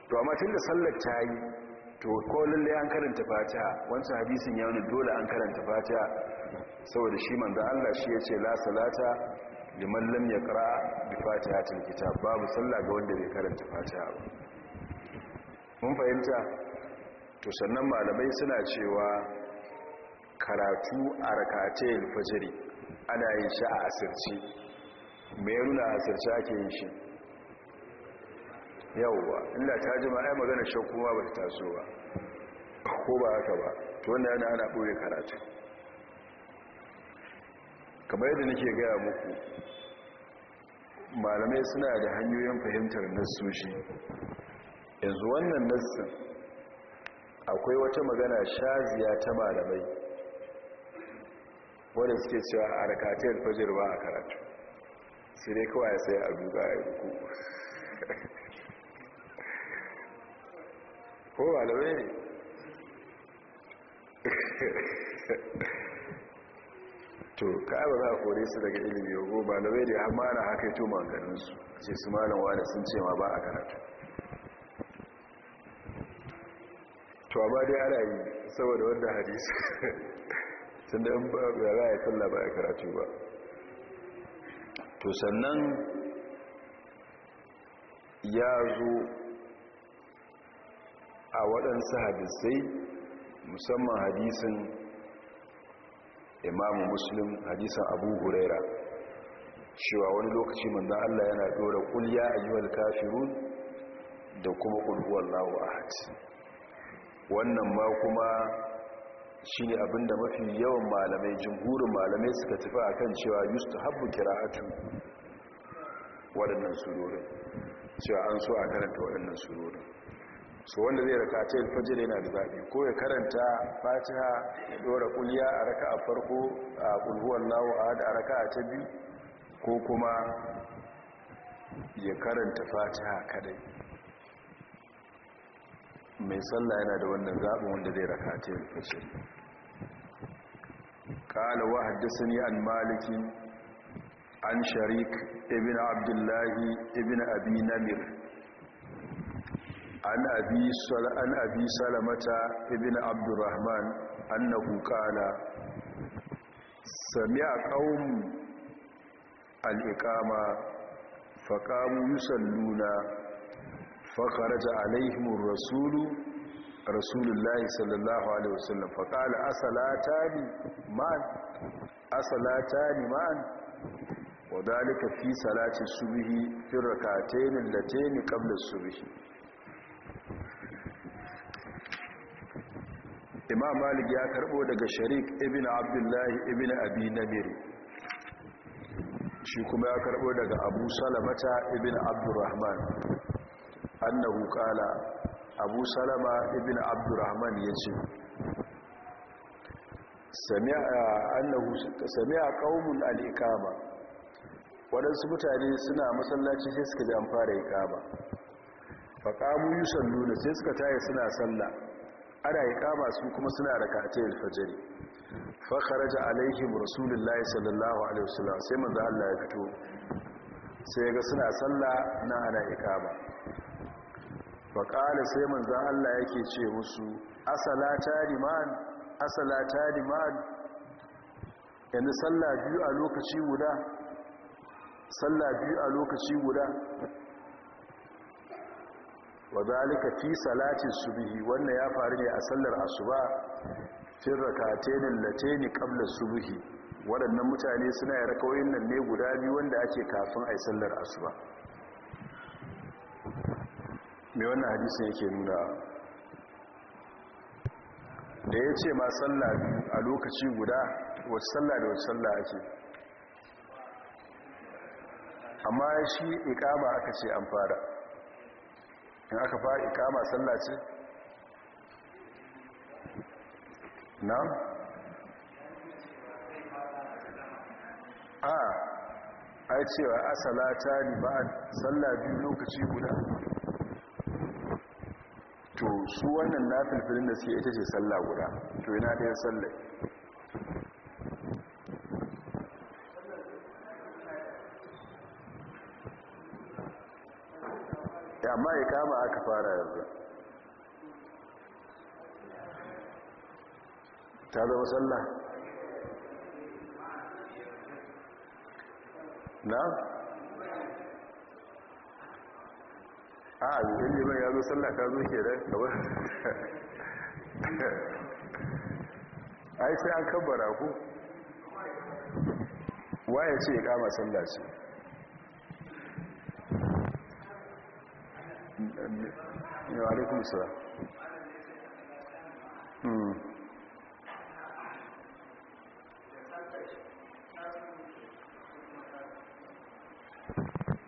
A: to amma tun da sallar ta yi to ko lallai an karanta fatiha wancan hadisin ya wani dole an karanta fatiha saboda shi manzo Allah shi yace la salata liman lam yaqra bi fatihatil kitab babu sallah ga wanda bai karanta fatiha ba mun fahimta to sannan malamai suna cewa karatu a rakatayil fajri ana yin shi a asirci. me ya asirci ake yin shi yawwa illa ta jima ai magana kuma ba ta tasowa. ba ko ba haka ba to wannan yana ana boye karatu kamar yadda nake gaya muku malamai suna da hanyoyin fahimtar nassoshi yanzu wannan nassin akwai wata magana shaziya ta malamai wadda suke cewa a harkatiyar fajar ba a karatu sai dai kawai sai a duba a yanku ko malamai ne to ka ba za a kore su daga ilimi yago ba da da har mara haka to manganinsu ce su malam wane sun ce ma ba a karatu to amma dai ana yi saboda wanda hadisu, sun da ba za a yi tsalla ba a karatu ba to sannan ya zo a waɗansu hadisai musamman hadisin imamu muslim hadisan abu huraira cewa wani lokaci manzo Allah yana dora kul a ayyuhal kafirun da kuma kul a ahad wannan ma kuma shine abinda mafi yawan malamai jumhurin malamai suka tafi akan cewa yustahabbu qira'atu waɗannan surorin cewa an so a karanta waɗannan surorin so wanda zai raka ta fajira yana da zaɓi ko ya karanta fatiha ya ɗora ƙuliya a raka a farko a ƙulhuwan lawo a da raka a ta biyu ko kuma ya karanta fatiha kadai mai sallah yana da wannan zaɓin wanda zai raka ta ƙala wa haddasa عن an maliki an ابن ibina Abdullahi, ibina Abin Namir. an abi an abi salamata ibn abdurrahman annahu qala sami'a qaum al-iqama faqamu yusalluna fakharaja alaihim ar-rasul rasulullah sallallahu alaihi wasallam faqala asalatani man asalatani man وذلك في صلاه الصبح في الركعتين اللتين قبل الصبح imam malik ya karbo daga sharik ibn abdullahi ibn abi namir shi kuma ya karbo daga abu salamata ibn abdurrahman annahu qala abu salama ibn abdurrahman yace sami'a annahu sami'a qaumul al-ikama wadansu mutane suna masallaci sai suka ji an fara ikama qamu yusalluna sai suka tayi suna sallah ana kama su kuma suna da al-fajr fa kharaja alaihim rasulullahi sallallahu alaihi wasallam sai manzo Allah ya fito sai ga suna sallah na ana iqama fa qala sai manzo Allah yake ce musu asalata liman asalata liman yanzu sallah biyu a lokaci guda sallah biyu a lokaci guda wa zalika fi salatin subhi wannan ya faru ne a sallar asuba fi rakatain allatain qabla subhi waɗannan mutane suna yi rakawoyin nan ne guda biyu wanda ake kafin yi sallar asuba me wannan hadisun yake nuna da ya ce ma salla a lokaci guda wacce salla da wacce salla ake amma shi ikama aka ce an fara in aka fara ikama sallah ce na a ah, ai cewa asalata ni ba'ad sallah biyu lokaci guda to su wannan nafilfilin da suke ita ce sallah guda to yana da sallah Eh, amma ya kama aka fara yanzu ta zama sallah na? a abin yi ya yanzu sallah ka zo ke rai kawai ai sai an kabbara ku waye ce ya kama sallah ce wa alaikum salam hmm.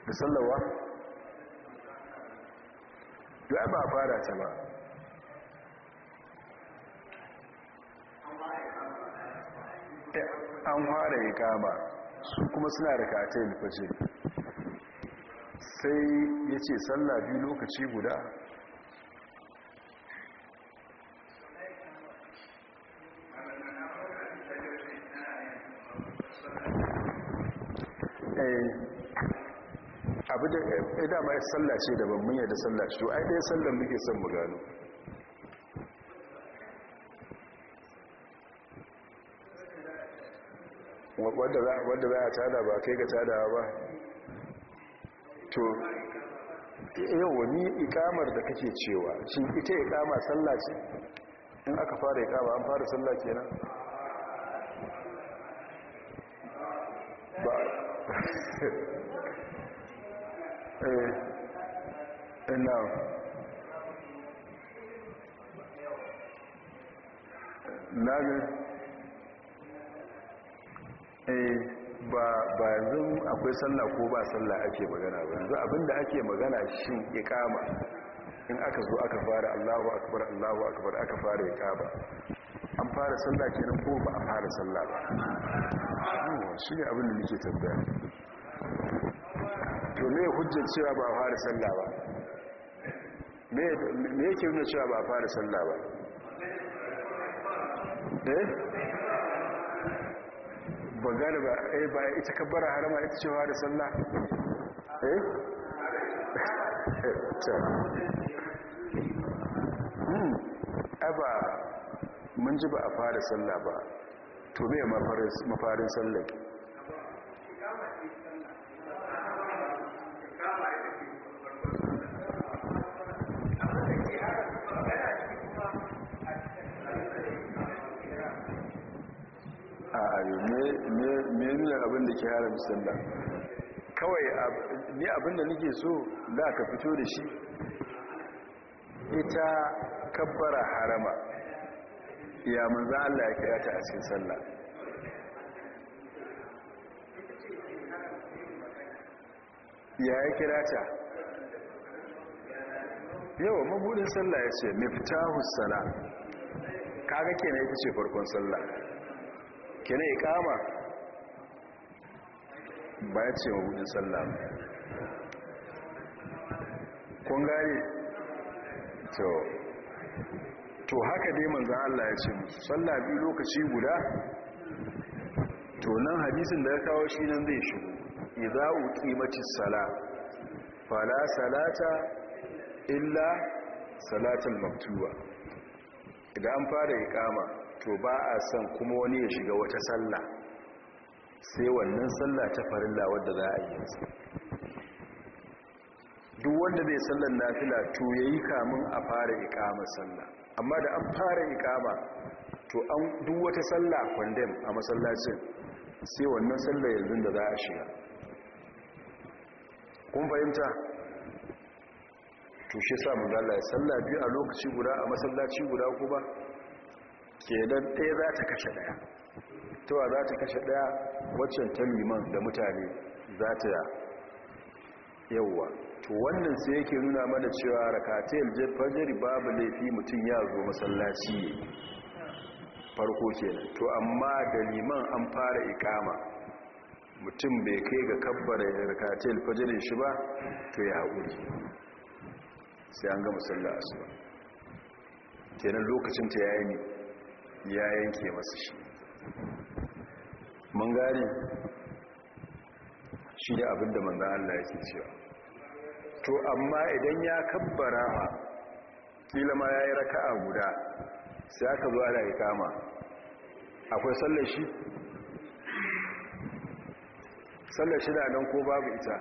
A: da sallawa ba fara ta ba eh, an fara ya kama su kuma suna da katai da fashe sai ya ce biyu lokaci guda eh, abu da ya eh, ce da ban munya da sallah to ai ɗaya sallar muke son mu gano wadda za a tada ba kai ga tadawa ba to yawa ni ikamar da kake cewa shi ita ikama sallah ce in aka fara ikama an fara sallaci kenan ba eh ina eh, na akwai sallah ko ba sallah ake magana ba yanzu abinda ake magana shi iqama in aka zo aka fara Allahu akbar Allahu akbar aka fara iqama an fara sallah kenan ko ba a fara sallah ba shi ne abin da muke tambaya to me hujjar cewa ba a fara sallah ba me yake nuna cewa ba a fara sallah ba eh ba gane ba ai eh, ba ita kabbara harama ita ce wa da sallah eh aba hmm. mun ji ba a fara sallah ba to me mafarin sallah a ayo menene abin da ke haramta sallah kawai ni abin da nake so za ka fito da shi ita kabbara harama ya manzo Allah ya kira ta a cikin sallah ya ya kira ta yawa mabudin sallah ya ce miftahu sallah kaga kenan ita ce farkon sallah kene ikama ba ya ce mabudin sallah kun gane to haka dai manzan Allah ya ce musu sallah biyu lokaci guda to nan hadisin da ya kawo shi nan zai shigo uki mace sala fala salata illa salatan maktuba idan an fara kama to ba a son kuma wani ya shiga wata sallah sai wannan sallah ta farilla wadda za a yi yanzu duk wanda zai sallar nafila to ya yi kamun a fara ikama sallah amma da an fara ikama to an duk wata sallah kwandem a masallacin sai wannan sallah yanzu da za a shiga kun fahimta to shi sa mu Allah sallah biyu a lokaci guda a masallaci guda ku ba kenan ɗaya za ta kashe ɗaya tawa za ta kashe ɗaya waccan ta liman da mutane za ta yawwa to wannan sai yake nuna mana cewa rakatel fajari babu laifi mutum ya zo masallaci farko kenan to amma da liman an fara ikama mutum bai kai ga kabbar rakatel fajari shi ba to ya haƙuri sai an ga masallaci kenan lokacin ta yayi ne ya yanke masu shi mun gari shi ne abinda manzan Allah yake cewa to amma idan ya kabbara ma kila ma ya yi raka'a guda sai aka zo ya kama akwai sallar shi sallar shi da nan ko babu ita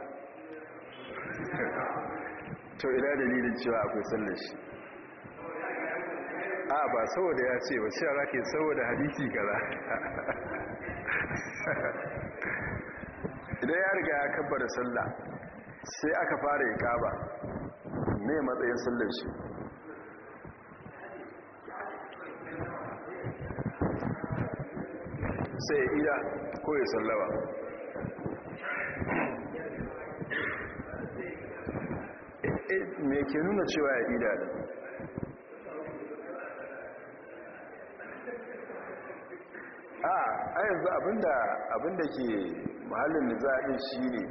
A: to ina dalilin cewa akwai sallar shi a ba saboda ya ce ba shara ke saboda hadisi gara idan ya riga ya kabbar sallah sai aka fara ya kaba ne matsayin sallar shi sai ya ko ya sallaba eh, eh, me ke nuna cewa ya ida a a yanzu abinda ke mahallin nizaɗin shi ne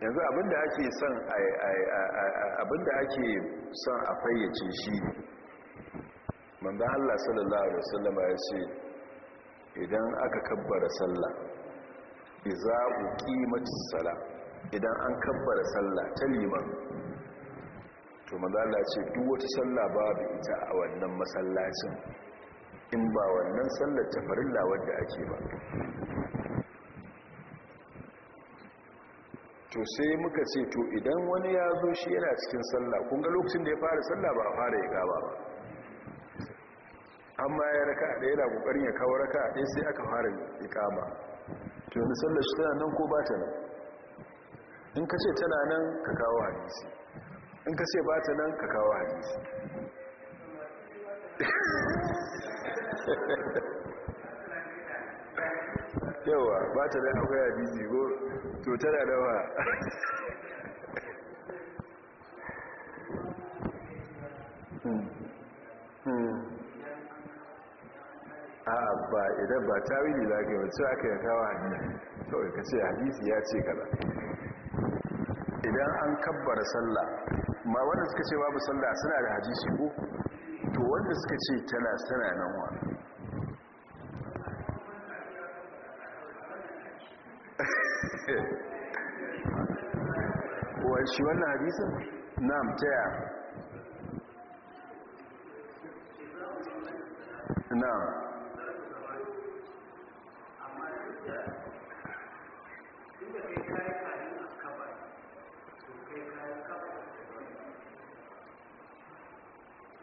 A: yanzu abinda ake son abinda ake son a fayyace shi ne manzan allah sallallahu alaihi wasallam ya ce idan aka kabbara sallah ku uqimatis sala idan an kabbara sallah ta liman to manzan Allah ce duk wata sallah babu ita a wannan masallacin in ba wannan sallar ta farilla wadda ake ba to sai muka ce to idan wani ya zo shi yana cikin sallah kun ga lokacin da ya fara sallah ba a fara ya gaba ba amma ya raka da yana kokarin ya kawo raka ɗaya sai aka fara gaba to yanzu sallar shi tana nan ko ba ta nan in ka ce tana nan ka kawo hadisi in ka ce ba ta nan ka kawo hadisi yawa ba ta da akwai hadisi ko to tana da wa a ah, ba idan ba ta wili za wacce aka yi kawo hannu kawai ka ce hadisi ya ce kada idan an kabbara sallah ma wanda suka ce babu sallah suna da hadisi ko to wanda suka ce tana suna nan wa shi wannan hadisun na'am taya na'am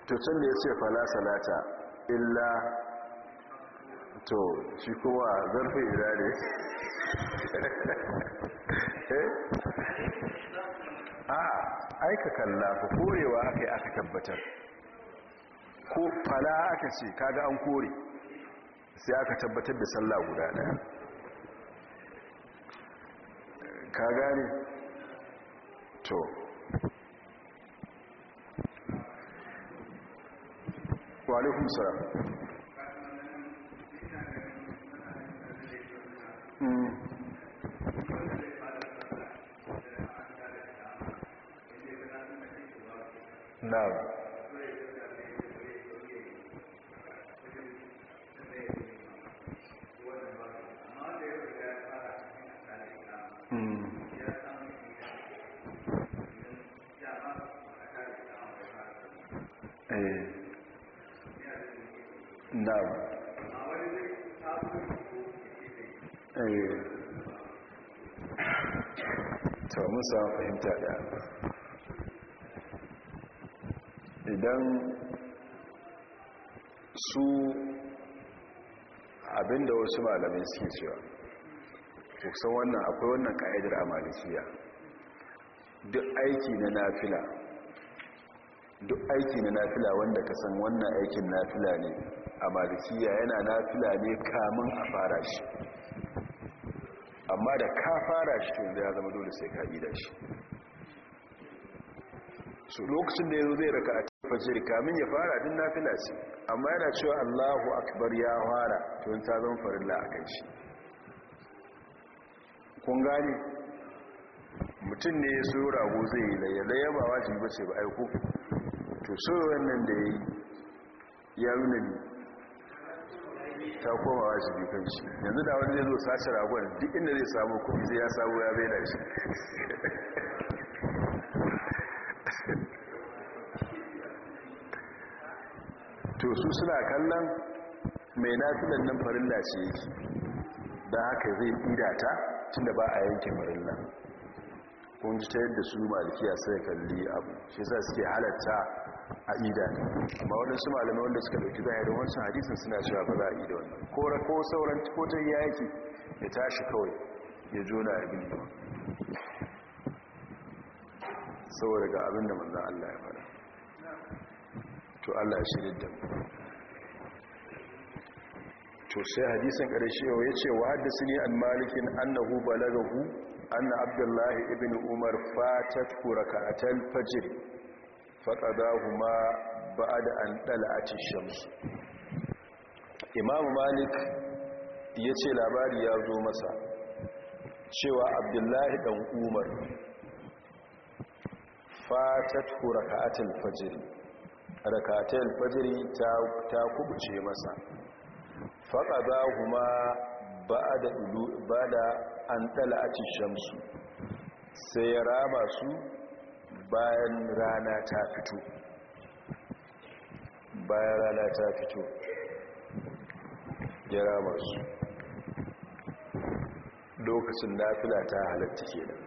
A: tutun da ya ce falasa salata illa to shi kuma zan ina ne a eh? ah, aika kalla ku korewa aka yi aka tabbatar ko fala aka ce kaga an kore sai aka tabbatar da sallah guda daya ka gane to wa alaikum salam Hmm. na'am hmm. Eh. na'am mun samu fahimta da idan su abinda wasu malamai suke cewa kusan wannan akwai wannan ka'idar a duk aiki na nafila duk aiki na nafila wanda ka san wannan aikin nafila ne a yana nafila ne kamun a fara shi amma da ka fara shi da ya zama dole sai ka da shi su lokacin da ya zo zai raka a fajir kamin ya fara din nafila ce amma yana cewa Allahu akbar ya fara tun ta zama a kan shi kun gani mutum ne ya so rago zai yi laye laye ba wajibi bace ba aiko to so wannan da ya yi ya nuna ta koma wajibi kan shi yanzu da wani zai zo sace ragon duk inda zai samu kuma zai ya samu ya bai da shi to su suna kallon mai nafilan nan farilla ce yake don haka zai ɗidata tun da ba a yanke farilla kun ji ta yadda su malikiya sai kalli abu shi sa suke halatta a ida amma amma waɗansu malamai wanda suka ɗauki da wancan hadisun suna cewa ba za a ida wannan ko ko sauran ko yaki ya tashi kawai ya jona abin da saboda ga abin da manzan Allah ya fara to Allah ya shirin da mu to sai hadisin ƙarshe ya ce wa haddasa ne an malikin annahu balagahu anna abdullahi ibn umar fatat kuraka'atal fajir faƙadahuma da an dala'ati shamsu imamu malik ya ce labari ya zo masa cewa abdullahi ɗan umar fatatu raka'atul fajr fajiri fajr ta ta kubuce masa faqadahuma ba'da ba'da an tala'ati shamsu sai ya rama su bayan rana ta fito bayan rana ta fito ya masu Lokacin lokacin nafila ta halatta kenan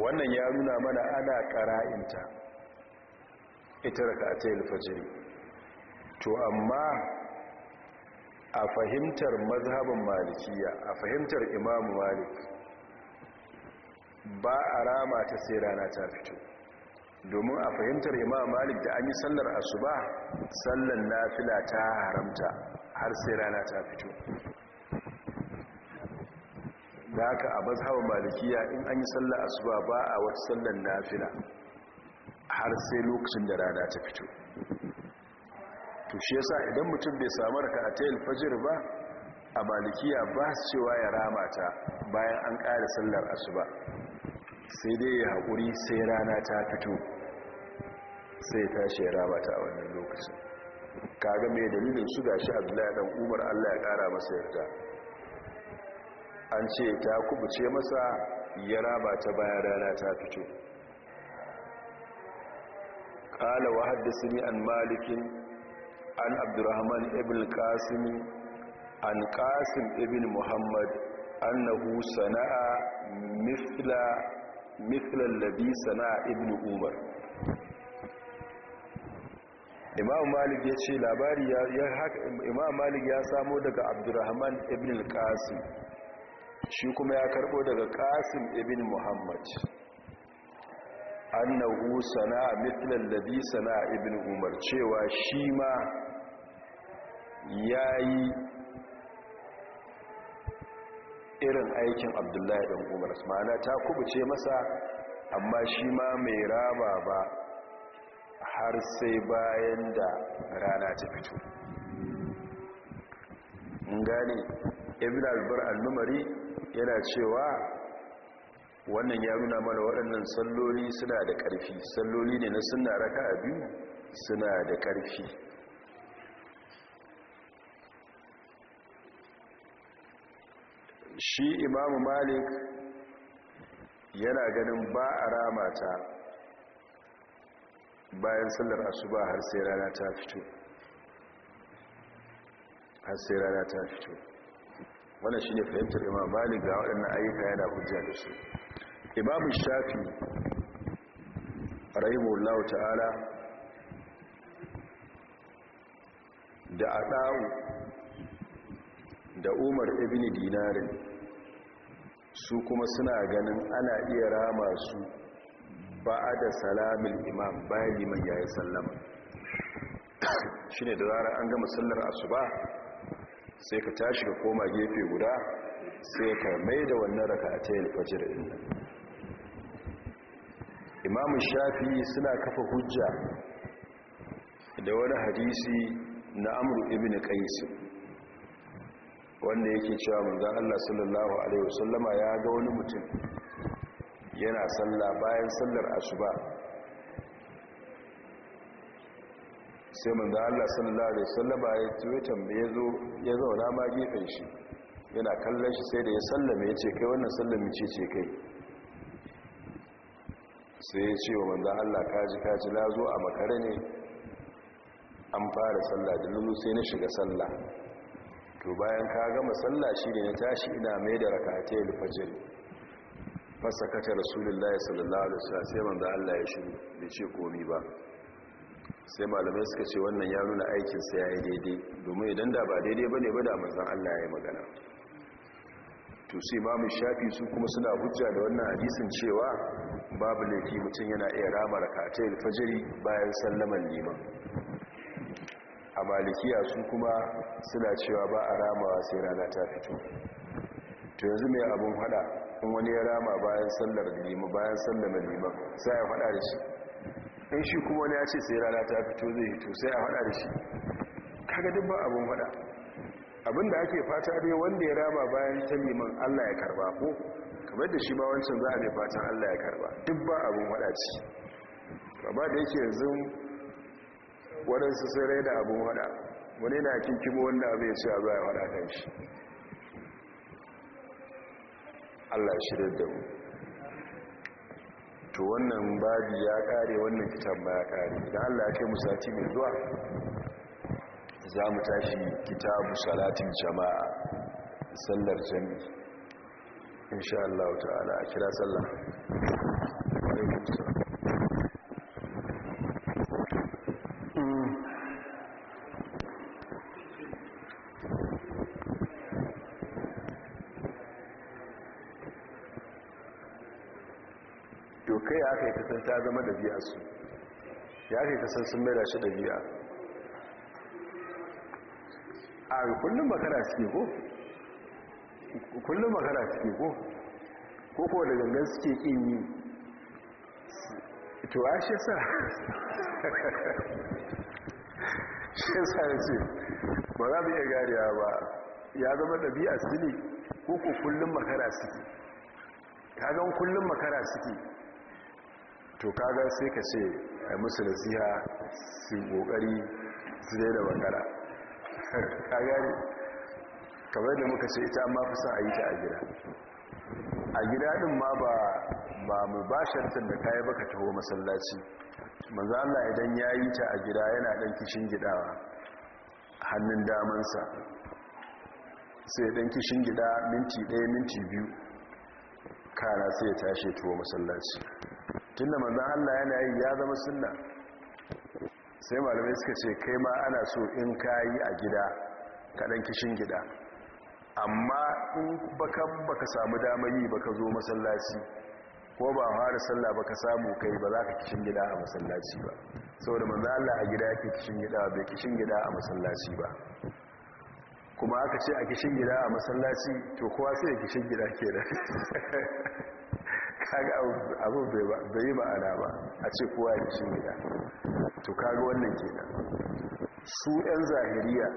A: wannan ya nuna mana ana ƙara'inta. ita rakatai alfajiri to amma a fahimtar mazhabin malikiya a fahimtar imamu malik ba a rama ta sai rana ta fito domin a fahimtar imam malik da an yi sallar asuba sallar nafila ta haramta har sai rana ta fito da haka a mazhaban malikiya in an yi sallar asuba ba a wata sallar nafila har sai lokacin da rana ta fito tushe sa idan mutum bai samu raka a tayil fajir ba a malikiya ba su cewa ya rama ta bayan an ƙara sallar asuba sai dai ya haƙuri sai rana ta fito sai shi ya rabata a wannan lokacin kaga mai dalilin su gashi abdullahi dan umar allah ya ƙara masa yarda an ce ta kubuce masa ya ta bayan rana ta fito ƙala wa haddasa ni an malikin an abdurrahman ibn qasim an qasim ibn muhammad annahu sana'a mithla mislan labi sana'a ibn umar imam malik ya ce labari ya haka imam malik ya samo daga abdurrahman ibn al-qasim shi kuma ya karbo daga qasim ibn muhammad annahu sana'a mithlan ladhi sana'a ibn umar cewa shi ma yayi irin aikin abdullahi ɗan umar ma'ana ta kubuce masa amma shi ma mai raba ba har sai bayan da rana ta fito gane ibn albar al-numari yana cewa wannan ya nuna mana waɗannan salloli suna da ƙarfi salloli ne na suna raka biyu suna da ƙarfi shi imamu malik yana ganin ba a rama ta bayan sallar asuba har sai rana ta fito har sai rana ta fito wannan shine fahimtar imamu malik ga waɗannan ayyuka yana hujja da su imamu shafi rahimahullahu ta'ala da adawu da umar ibn dinarin su kuma suna ganin ana iya rama su ba da salamin imam bayan liman ya yi sallama shi ne da zarar an gama sallar asuba sai ka tashi ka koma gefe guda sai ka mai da wannan raka a tayin fajir inda imamun shafi suna kafa hujja da wani hadisi na amur ibn kaisu wanda yake cewa manzan Allah sallallahu Alaihi wasallama ya ga wani mutum yana sallah bayan sallar asuba sai manzan Allah sallallahu Alaihi wasallama ya tuwe tambaye zo ya zauna ma gefen shi yana kallon shi sai da ya sallame ya ce kai wannan sallami ce ce kai sai ya ce wa manzan Allah kaji kaji na zo a makare ne an fara sallah da lulu sai na shiga sallah to bayan ka gama sallah shi na tashi ina mai da rakatai alfajr fasakata rasulullahi sallallahu alaihi wasallam sai manzo Allah ya shiru bai ce komi ba sai malamai suka ce wannan ya nuna aikin sa yayi daidai domin idan da ba daidai bane ba da manzon Allah ya yi magana to sai shafi su kuma suna hujja da wannan hadisin cewa babu laifi mutum yana iya rama rakatai fajiri bayan sallaman liman a malikiya su kuma suna cewa ba a ramawa sai rana ta fito to yanzu mai abin hada in wani ya rama bayan sallar liman bayan sallar liman sai ya hada da shi in shi kuma wani ya ce sai rana ta fito zai hito sai ya hada da shi kaga duk ba abin hada abinda ake fata dai wanda ya rama bayan ta liman Allah ya karba ko kamar da shi ba wancan za a mai fatan Allah ya karba duk ba abin hada ci ba da yake yanzu waɗansu sun da abin waɗa, wani na kinkimo wanda abin su ya bayan waɗa kan shi allah shi da mu to wannan babi ya kare wannan kitan ba ya kare idan allah ya mu sati mai zuwa za mu tashi kitabu salatin jama'a sallar jami insha allah ta'ala a kira sallar don ta zama ɗabi'a su ya ke san sun maida shi ɗabi'a a kullum makara suke ko kullum makara suke ko ko ko da gangan suke ƙin yi to a shi sa shi sa ya ce ba za mu iya gariya ba ya zama ɗabi'a su ne ko ko kullum makara suke kagan kullum makara suke to kaga sai ka ce a musu nasiha su kokari su da bangara kaga ne kamar da muka ce ita ma fi son a yi ta a gida a gida din ma ba ba mu ba shartin da kayi baka taho masallaci Mazala idan ya yi ta a gida yana dan kishin gidawa hannun damansa sai dan kishin gida minti ɗaya minti biyu kana sai ya tashi tuwo masallaci tun da manzan Allah yana yi ya zama sunna sai malamai suka ce kai ma ana so in ka yi a gida kaɗan kishin gida amma in baka baka samu damar yi baka zo masallaci ko ba fara sallah baka samu kai ba za ka kishin gida a masallaci ba saboda manzan Allah a gida ke kishin gida bai kishin gida a masallaci ba kuma aka ce a kishin gida a masallaci to kowa sai kishin gida ke da kaga abu bai yi ma'ana ba a ce kowa ya shi gida to kaga wannan kenan su 'yan zahiriya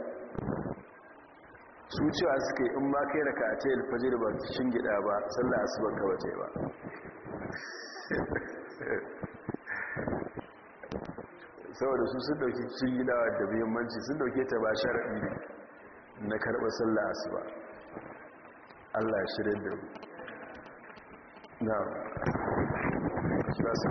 A: su cewa suke in ma kai raka a ce alfajir ba cikin gida ba sallah asuban ka bace ba saboda su sun dauke cikin gida da muhimmanci sun dauke ta ba shar'i na karɓar sallah asuba Allah ya shirya da mu نعم بس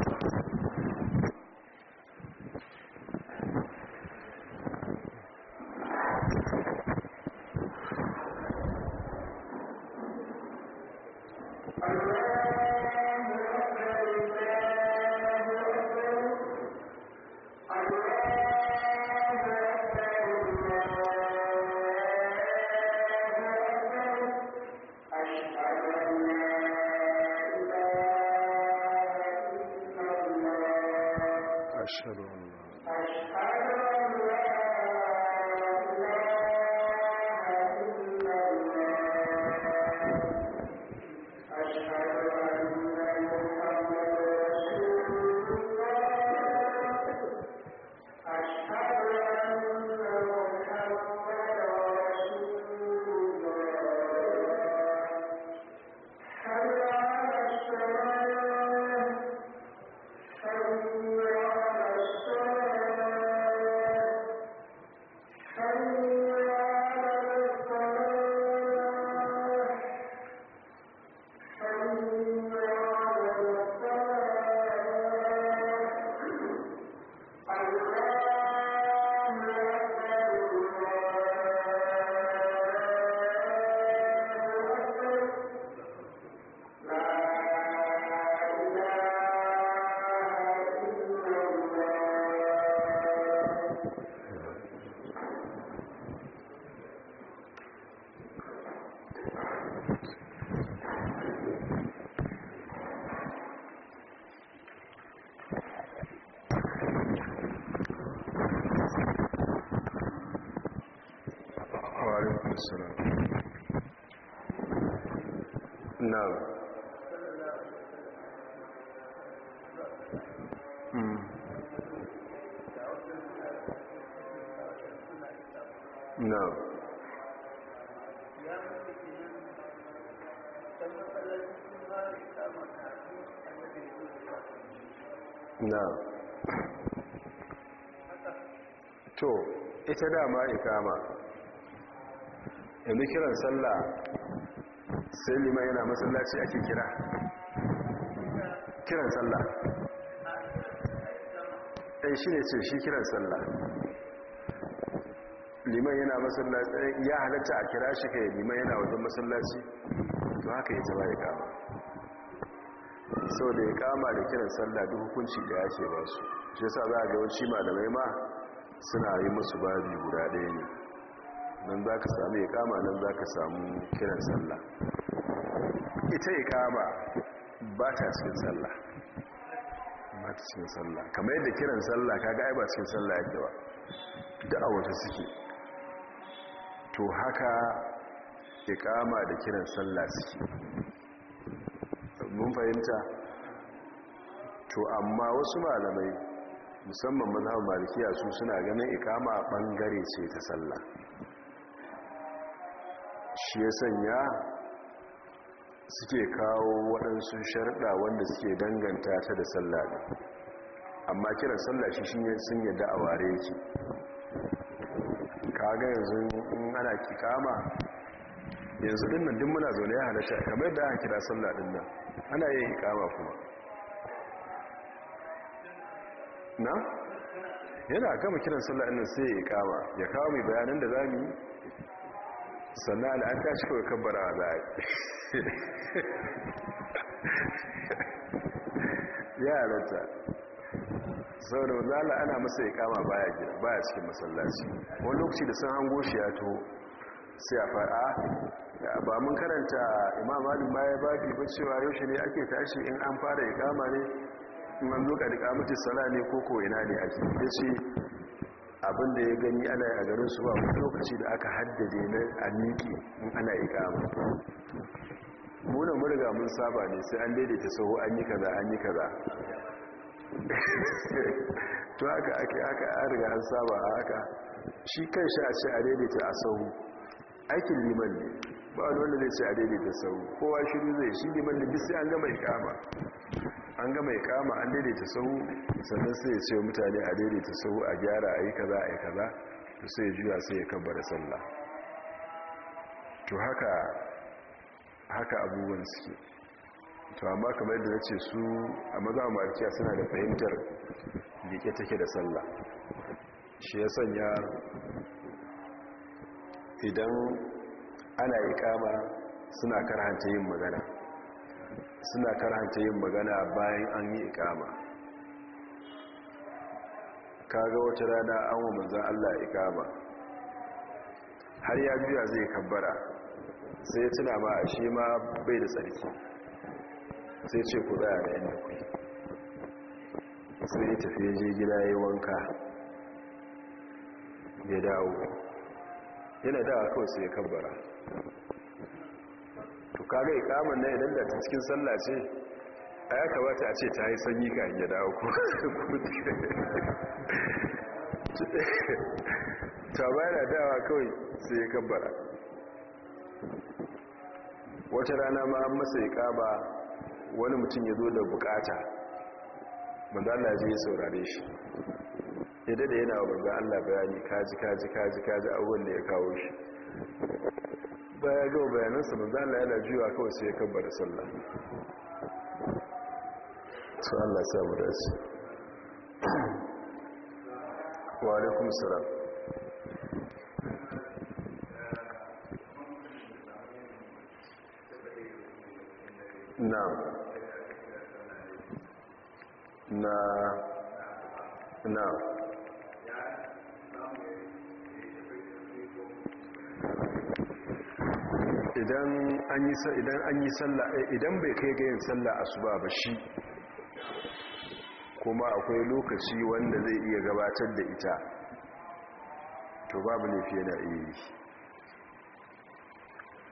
A: ita dama ikama yanzu kiran sallah sai liman yana masallaci ake kira kiran sallah ɗan eh, shi ne ce shi kiran sallah liman yana masallaci ya halatta a kira shi kai liman yana wajen masallaci to haka ya zama ikama sau da ikama da kiran sallah duk hukunci da ya ce ba su shi sa za a ga wanci malamai ma suna yi musu babi guda ɗaya ne nan za ka samu ikama nan za ka samu kiran sallah ita ikama ba ta cikin sallah ba ta cikin sallah kamar yadda kiran sallah kaga ai ba cikin sallah yake ba da wata suke to haka ikama da kiran sallah suke mun fahimta to amma wasu malamai musamman mazhabar malikiya su suna ganin ikama a bangare ce ta sallah shi ya sanya suke kawo waɗansu sharɗa wanda suke danganta ta da sallah ne amma kiran sallah shi ne sun yadda a ware ce kaga yanzu in ana kama yanzu dinnan duk muna zaune ya halatta kamar yadda aka kira sallah dinnan ana yin ikama kuma na yana gama kiran sallah annan sai ya kama ya kawo mai bayanan da za mu yi sannan al'an ta kawai kabbara a za'a ya halatta sau da wadala ana masa ya kama baya gina baya cikin masallaci wani lokaci da sun hango shi ya to sai a faɗa ah, ba mun karanta imam alim baya babi ba cewa yaushe ne ake tashi in an fara ya kama ne man zo kadi kamati sala ne ko ko ina ne ake yace abin da ya gani ana a garin su ba wani lokaci da aka haddade na a in ana yi ikama muna murga mun saba ne sai an daidaita sahu an yi kaza an yi kaza to haka ake aka an riga an saba a haka shi kan shi a ce a daidaita a sahu aikin liman ne ba wanda zai ce a daidaita sau kowa shiru zai shi ne banda an gama ikama an gama ikama an daidaita sau sannan sai ya ce mutane a daidaita sau a gyara a yi kaza a yi kaza to sai ya juya sai ya kabbara sallah to haka haka abubuwan suke to amma kamar yadda na ce su a maza malikiya suna da fahimtar liƙe take da sallah shi ya sanya idan ana ikama suna karhanta yin magana suna karhanta yin magana bayan an yi ikama kaga wata rana an wa manzan Allah ikama har ya biya zai kabbara sai ya tuna ma shi ma bai da tsarki sai ce ku tsaya da yadda ku sai ya tafi ya je gida ya wanka ya dawo yana dawa kawai sai ya kabbara to kaga na idan da cikin sallah ce a ya kamata a ce ta yi sanyi ka hanyar dawo ko ta bayana dawa kawai sai ya kabbara wata rana ma an masa kaba wani mutum ya zo da bukata manzana zai saurare shi ya dada yana wa manzan allah bayani kaji kaji kaji kaji abubuwan da ya kawo shi baya ga bayanansa za Allah yana jiwa kawai sai ya kabbara sallah Su Allah sa mu dace wa alaikum salam Na, na na. idan an yi eh, idan bai kai ga yin sallah asuba ba shi kuma akwai lokaci wanda zai iya gabatar da ita to babu ne fiye da iya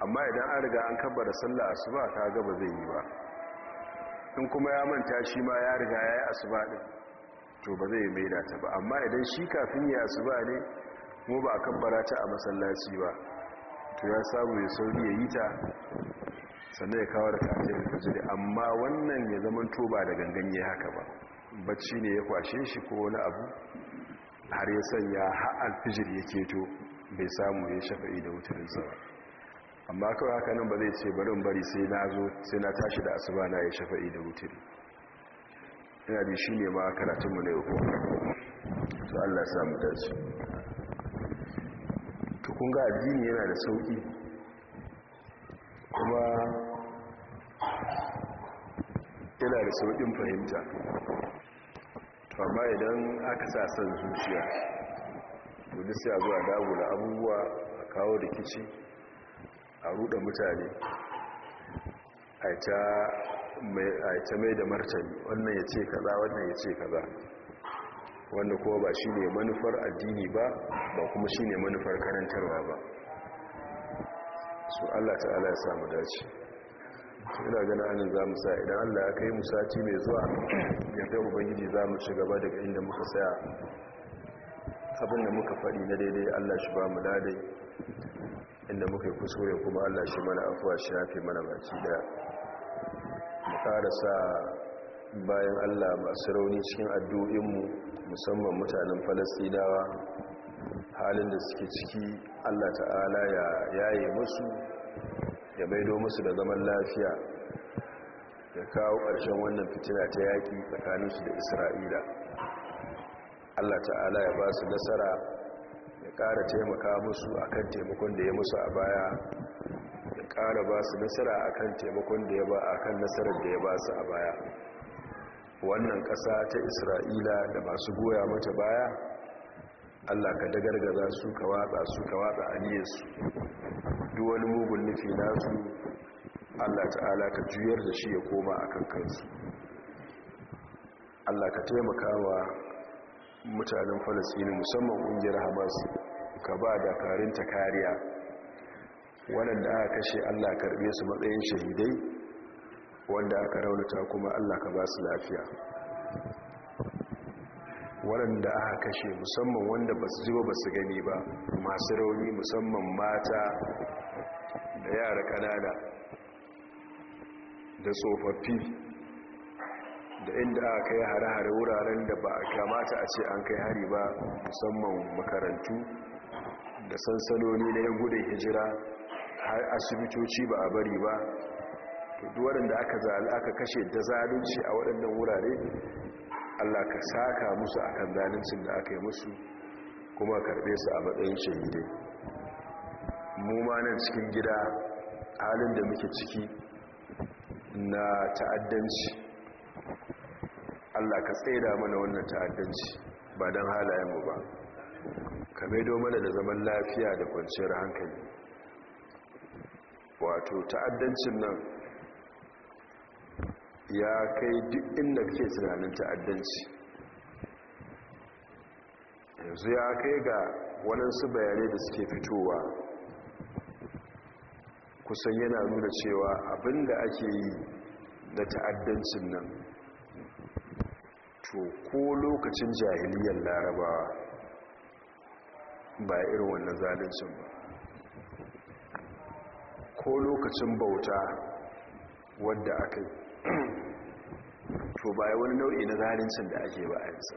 A: amma idan an riga an kabbara sallah asuba ta gaba zai yi ba in kuma ya manta shi ma ya riga ya yi ba ɗin to ba zai maida ta ba amma idan shi kafin ya asuba ne mu ba a kabbara ta a masallaci ba to ya samu ya sauri ya yi ta sannan ya kawo da kafin fajiri amma wannan ya zaman toba da gangan ya haka ba bacci ne ya kwashe shi ko wani abu har ya sanya ha'al fijir ya keto bai samu ya shafa'i da wutarinsa ba amma kawai haka nan ba zai ce barin bari sai na zo sai na tashi da asuba na ya shafa'i da wutari Ina bi shi ne ma karatunmu na yau ko to allah samu dace to kun ga addini yana da sauki kuma yana da saukin fahimta to amma idan aka sa san zuciya to duk sai a zuwa dagula abubuwa a kawo rikici a ruɗa mutane a ta mai da martani wannan ya ce kaza wannan ya ce kaza wanda kuma ba shi ne manufar addini ba ba kuma shi ne manufar karantarwa ba su allah ta'ala ya samu dace ina gana hannun za mu sa idan allah ya kai musati mai zuwa yadda ubangiji za mu ci gaba daga inda muka saya Abin da muka faɗi na daidai allah shi ba mu ladai inda muka yi kuma allah shi mana afuwa shi hafi mana baki daya mu sa. bayan allah masu rauni cikin addu'inmu musamman mutanen falastinawa halin da suke ciki allah ta'ala ya yaye musu ya maido musu da zaman lafiya ya kawo ƙarshen wannan fitina ta yaƙi tsakaninsu da isra'ila allah ta'ala ya ba su nasara ya ƙara taimaka musu a kan taimakon da ya musu a baya ya ƙara ba su nasara kan taimakon da ya ba a kan nasarar da ya ba su a baya wannan ƙasa ta isra'ila da masu goya mata baya allah ka dagargaza su ka watsa su ka watsa aniyarsu duk wani mugun nufi nasu allah ta'ala ka juyar da shi ya koma a kankansu allah ka taimaka wa mutanen falasini musamman ƙungiyar hamas ka ba dakarinta kariya waɗanda aka kashe allah karɓe su matsayin shahidai wanda aka raunata kuma Allah ka ba su lafiya waɗanda aka kashe musamman wanda ba su ba su gani ba masu rauni musamman mata da yara ƙanana da tsofaffi da inda aka kai hare-hare wuraren da ba a kamata a ce an kai hari ba musamman makarantu da sansanoni na yan gudun hijira har asibitoci ba a bari ba to duwarin da aka aka kashe da zalunci a waɗannan wurare Allah ka saka musu a kan zaluncin da aka yi musu kuma karɓe su a matsayin shahidai mu ma nan cikin gida halin da muke ciki na ta'addanci Allah ka tsera mana wannan ta'addanci ba don halayenmu ba ka maido mana da zaman lafiya da kwanciyar hankali wato ta'addancin nan ya kai duk inda ke tunanin ta'addanci yanzu ya kai ga waɗansu bayanai da suke fitowa kusan yana nuna cewa abinda ake yi na ta'addancin nan to ko lokacin jahiliyar larabawa ba irin wannan zalincin ba ko lokacin bauta wadda aka yi to ba wani nau'i na zalincin da ake ba a yanzu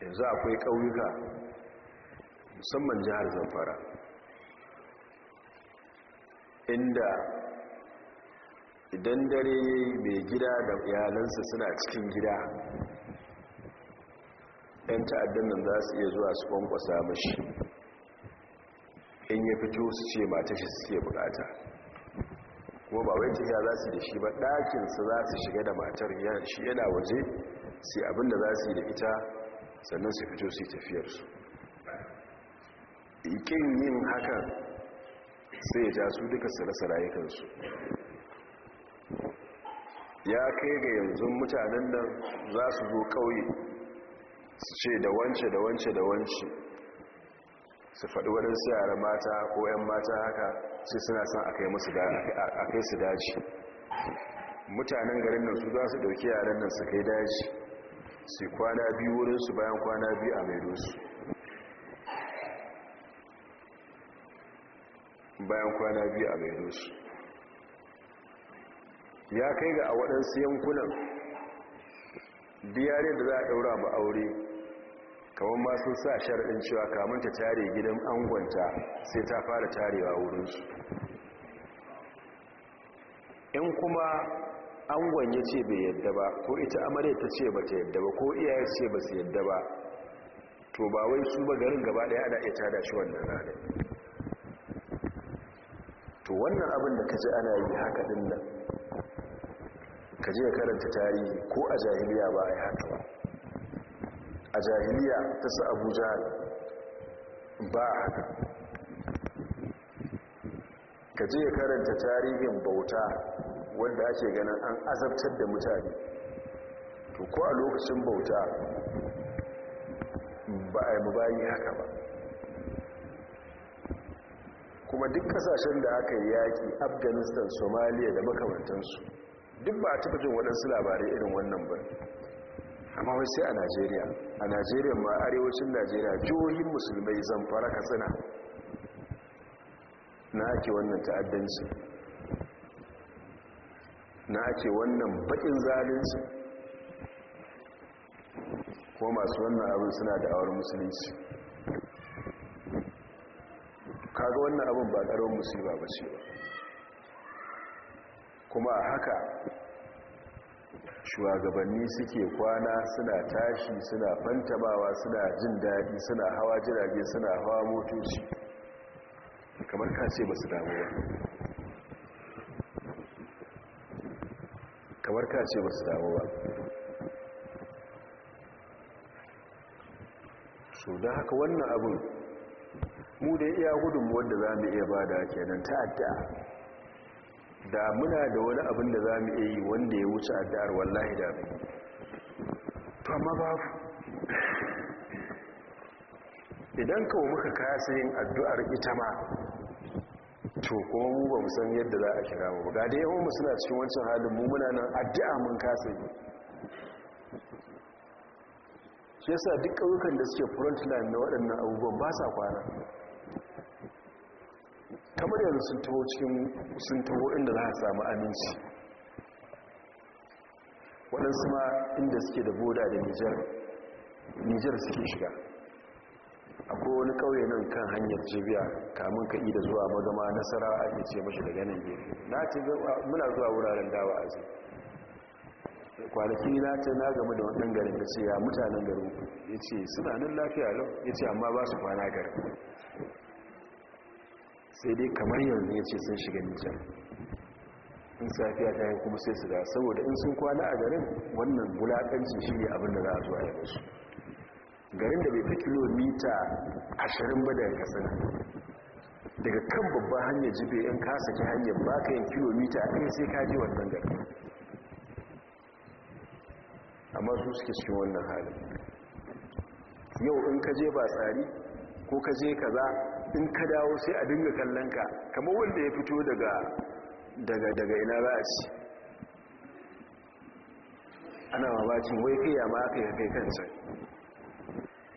A: yanzu akwai ƙauyuka musamman jihar zamfara inda idan dare mai gida da iyalansa suna cikin gida yan ta'addan nan za su iya zuwa su kwankwasa mashi in ya fito su ce mata shi suke bukata kuma ba wai jiya za su da shi ba ɗakinsu za su shiga da matar shi yana waje sai abin da za su yi da ita sannan su fito su yi tafiyarsu ikin yin hakan sai ya ja su duka sarasa rayukansu ya kai ga yanzu mutanen nan za su zo ƙauye su ce da wance da wance da wance su faɗi waɗansu yara mata ko 'yan mata haka sai suna son a kai su daji mutanen garin nan su za su ɗauki yaren nan su kai daji su kwana biyu wurin su bayan kwana biyu a maidosu bayan kwana biyu a maidosu ya kai ga a waɗansu yankunan biyarin da za a ɗaura ba aure kamar masu sun sa sharaɗin cewa kamun ta tare gidan angonta sai ta fara tarewa wurinsu in kuma angon ya ce bai yadda ba ko ita amaryar ta ce ba ta yadda ba ko iyayen ce ba su yadda ba to ba wai su ba garin gaba ɗaya ana iya tada shi wannan rana? to wannan abin da kaji ana yi haka din nan kaje karanta tarihi ko a jahiliya ba a yi haka ba a jahiliya ta su abu ba haka ka je karanta tarihin bauta wanda ake ganin an azabtar da mutane to ko a lokacin bauta ba a yi bayi haka ba kuma duk kasashen da aka yi yaƙi afghanistan somaliya da makamantansu duk ba a taɓa jin waɗansu labarai irin wannan ba amma wasu a najeriya a najeriya ma arewacin najeriya jihohin musulmai zamfara katsina na ake wannan ta'addanci na ake wannan bakin zalinsu ko masu wannan abin suna da awar musulunci kaga wannan abin ba ƙarar musulma ba ce ba kuma haka shugabanni suke kwana suna tashi suna fantabawa suna jin daɗi suna hawa jirage suna hawa motoci kamar ka ce ba su ba kamar ka ce ba su ba so don haka wannan abin mu da iya gudunmu wanda za mu iya bada kenan ta addu'a da muna da wani abin da za mu iya yi wanda ya wuce addu'ar wallahi da abin to amma fi idan kawo muka kasa yin addu'ar ita ma to kuma mu ba musan yadda za a kira mu ga da yawan suna cikin wancan halin mu muna nan addu'a mun kasa yi shi yasa duk ƙauyukan da suke front line na waɗannan abubuwan ba sa kwana kamar yanzu sun taho cikin sun taho inda za a samu aminci waɗansu ma inda suke da boda da nijar nijar suke shiga akwai wani ƙauye nan kan hanyar jibiya kamun ka da zuwa magama nasara ake ce mashi daga nan gefe na ce muna zuwa wuraren dawa a zai kwanaki na ce na game da wannan garin da ce ya mutanen garin ya ce suna nan lafiya lau ya ce amma ba su kwana garin sai dai kamar yanzu ya ce sun shiga nijar in safiya ta yi kuma sai su da saboda in sun kwana a garin wannan bulakancin shi ne abinda za a zuwa ya garin da bai fi kilomita ashirin ba daga kasana daga kan babban hanyar jibe in ka saki hanyar ba ka yin kilomita a kan sai ka je wannan garin amma su suke cikin wannan halin yau in ka je ba tsari ko ka je kaza in ka dawo sai a dinga kallon ka kamar wanda ya fito daga daga daga ina ba a ci ana mamacin wai kai ya ma aka yi kai kansa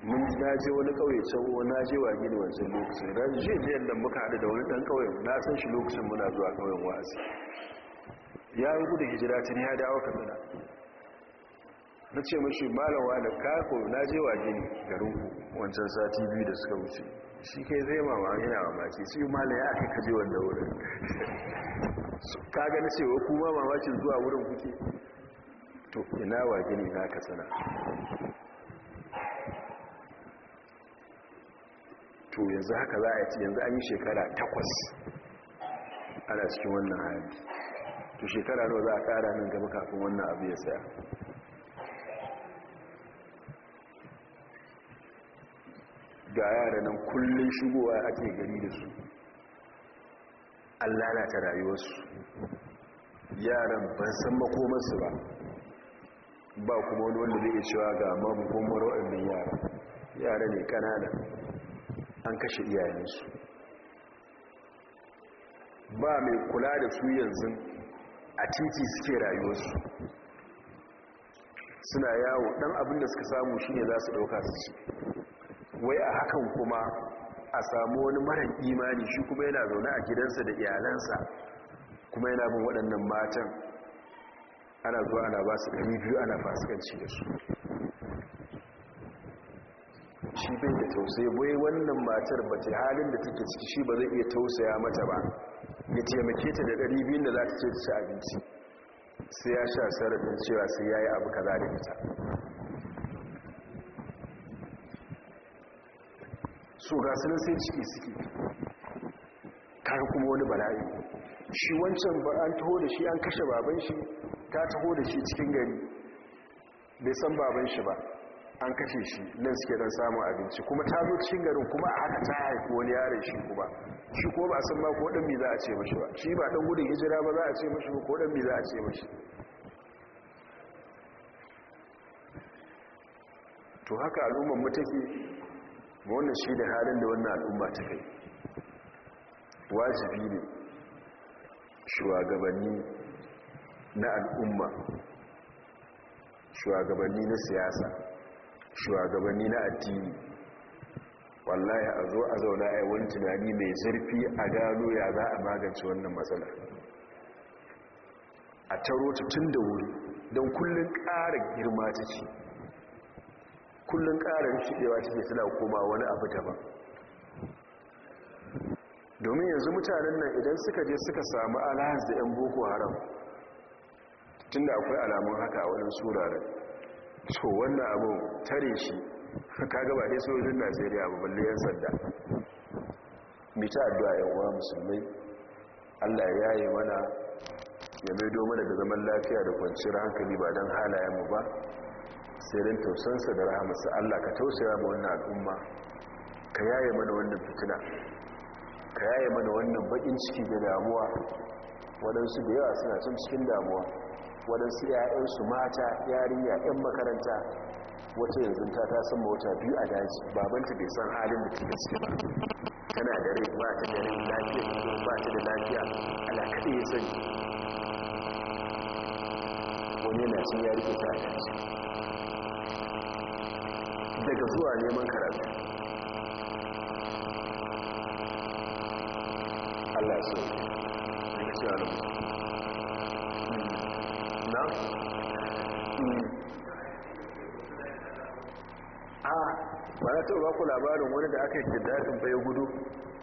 A: mun na je wani kauye tsawo na je wa gini wancan lokacin da je je yadda muka haɗu da wani ɗan kauyen na san shi lokacin muna zuwa kauyen wa'azi ya yi gudun hijira tun ya dawo kaduna na ce mashi malawa da kako na je wa gini garin wancan sati biyu da suka wuce shi kai zai mama yana mamaki su yi mala ya aka kaji wanda wurin ka gani cewa kuma ce zuwa wurin kuke to ina wa gini na ka sana to yanzu haka za a yi yanzu an yi shekara takwas ana cikin wannan hali to shekara nawa za a kara nan gaba kafin wannan abu ya saya ga yara nan kullum shigowa ake gari da su an lalata rayuwarsu yaran ban san makomarsu ba ba kuma wani wanda zai cewa ga mamakon mai yara yara ne kanada an kashe iyayensu ba mai kula da su yanzu a titi suke rayuwarsu suna yawo ɗan abin da suka samu shine za su ɗauka su ci wai a hakan kuma a samu wani marar imani shi kuma yana zaune a gidansa da iyalansa kuma yana bin waɗannan matan ana zuwa ana ba su ɗari biyu ana fasikanci da su shi bai da tausayi bai wannan matar ba ce halin da take ciki shi ba zai iya tausaya mata ba ya taimake ta da ɗari biyu da za ta ce ta ci abinci sai ya sha sarrafin cewa sai ya yi abu kaza da ita so ga sunan sai ciki suke kaga kuma wani bala'i shi wancan ba an taho da shi an kashe baban shi ta taho da shi cikin gari bai san baban shi ba an kashe shi nan suke don samun abinci kuma ta zo cikin garin kuma a haka ta haifi wani yaren shi kuma shi kuma ba san ba ko dan mi za a ce mashi ba shi ba dan gudun hijira ba za a ce mashi ko dan mi za a ce mashi to haka al'ummar mu take wanda shi da halin da wannan al'umma ta kai wajibi ne shugabanni na al'umma shugabanni na siyasa shugabanni na addini wallahi a zo a zauna a yi wani tunani mai zurfi a gano ya za a magance wannan matsala a taro tun da wuri don kullum ƙara girma ta ce kullum ƙarar shiɗewa cikin suna koma wani abu ba. domin yanzu mutanen nan idan suka je suka samu alhaz da 'yan boko haram tunda akwai alamun haka a wani suraren so wannan abu tare shi ka gaba ne sojin najeriya ba balle yan sanda mita addu'a yan uwa musulmai allah ya yi mana ya maido mana da zaman lafiya da kwanciyar hankali ba don halayenmu ba sai don tausansa da rahamarsa Allah ka tausaya ma wannan al'umma ka yaye mana wannan fitina ka yaye mana wannan bakin ciki da damuwa waɗansu da yawa suna cin cikin damuwa waɗansu ‘ya'yansu mata yarinya ‘yan makaranta wata yanzu ta ta san mota biyu a daji babanta bai san halin da ke gaske ba tana da rai ba ta da rai lafiya ba ta da lafiya ya sani wani yana cin yari rike ta daga zuwa neman karatu Allah cewa da na? a labarin wani da aka yi bai gudu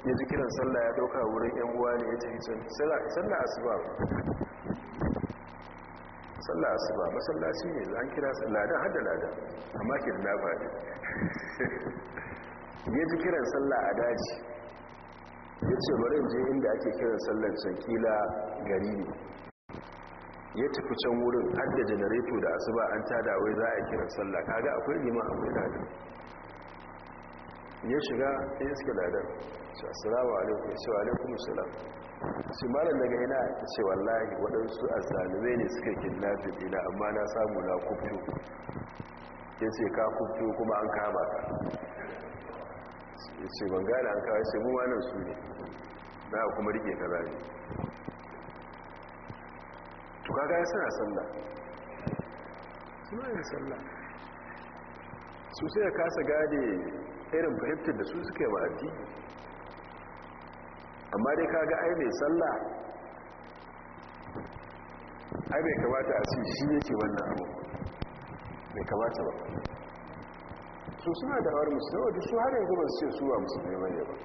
A: ya ji kiran sallah ya wurin 'yan uwa ne ya ce sallah sallah su ba masallaci ne an kira ladan hada ladan amma ke na ba ya ji kiran sallah a daji ya ce bari je inda ake kiran sallar can kila gari ne ya tafi can wurin hada janareto da asuba an tada wai za a kiran sallah kaga akwai liman akwai ladan ya shiga ya iska ladan assalamu alaikum wa alaikum assalam su malar daga ina ta ce wallahi waɗansu a zalimai ne suka kidnafin ina amma na samu na kubto ya ce ka kubto kuma an kama ka ya ce ban gane an kawai sai muwa nan su ne na kuma rike ka zane tuka gaya suna sallah suna yin sallah su sai ya kasa gane irin fahimtar da su suka yi amma dai kaga ai mai sallah ai bai kamata a cikin shi yake wannan abu bai kamata ba su suna da awar musulmi wadda su har yanzu ba su ce su ba musulmi mai ne ba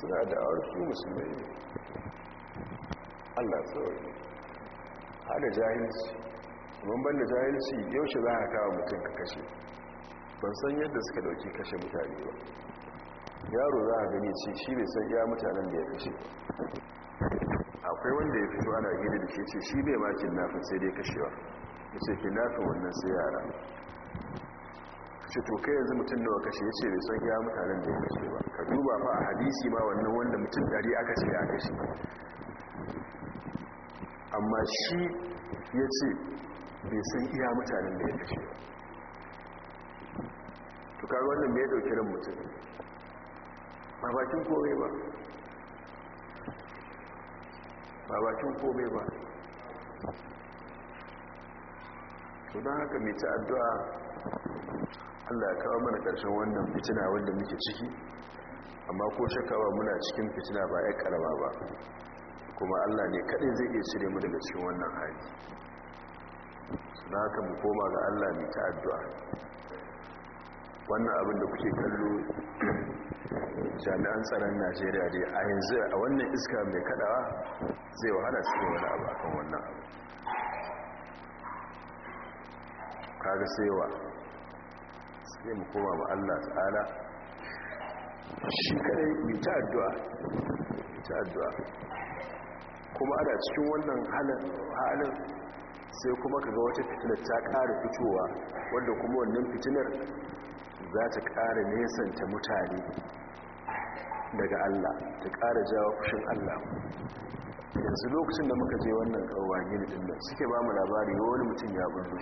A: suna da awar su musulmi ne allah tsawari har da jahilci ban da jahilci yaushe za a kawo mutum ka kashe ban san yadda suka dauki kashe mutane ba yaro za a gani ce shi bai san iya mutanen da ya kashe. akwai wanda ya fito ana gini da ke ce shi bai makin nafin sai dai kashewa ya ce fi nafin wannan sai yara ce to kai yanzu mutum nawa kashe ya ce bai san iya mutanen da ya kashe ba ka duba fa a hadisi ma wannan wanda mutum dari aka ce ya kashe amma shi ya ce bai san iya mutanen da ya kashe ba to kaga wannan mai dauki ran mutum ba bakin kome ba ba bakin kome ba to don haka mai ta addu'a allah ya kawo mana ƙarshen wannan fitina wanda muke ciki amma ko shakawa muna cikin fitina ba ya karama ba kuma allah ne kaɗai zai iya cire mu daga cikin wannan hali don haka mu koma ga allah mai ta addu'a wannan abin da kuke kallo jami'an tsaron najeriya dai a yanzu a wannan iska mai kadawa zai wahala cikin wani abu akan wannan abu kaga saiwa sai mu koma ma allah ta'ala shi kadai mai ta addu'a ta addu'a kuma ana cikin wannan halin sai kuma kaga wata fitilar ta ƙara fitowa wadda kuma wannan fitilar za ta ƙara nesanta mutane daga Allah ta ƙara jawo kushin Allah yanzu lokacin da muka je wannan ƙarwa gini ɗin nan suke ba mu labari wani mutum ya bullo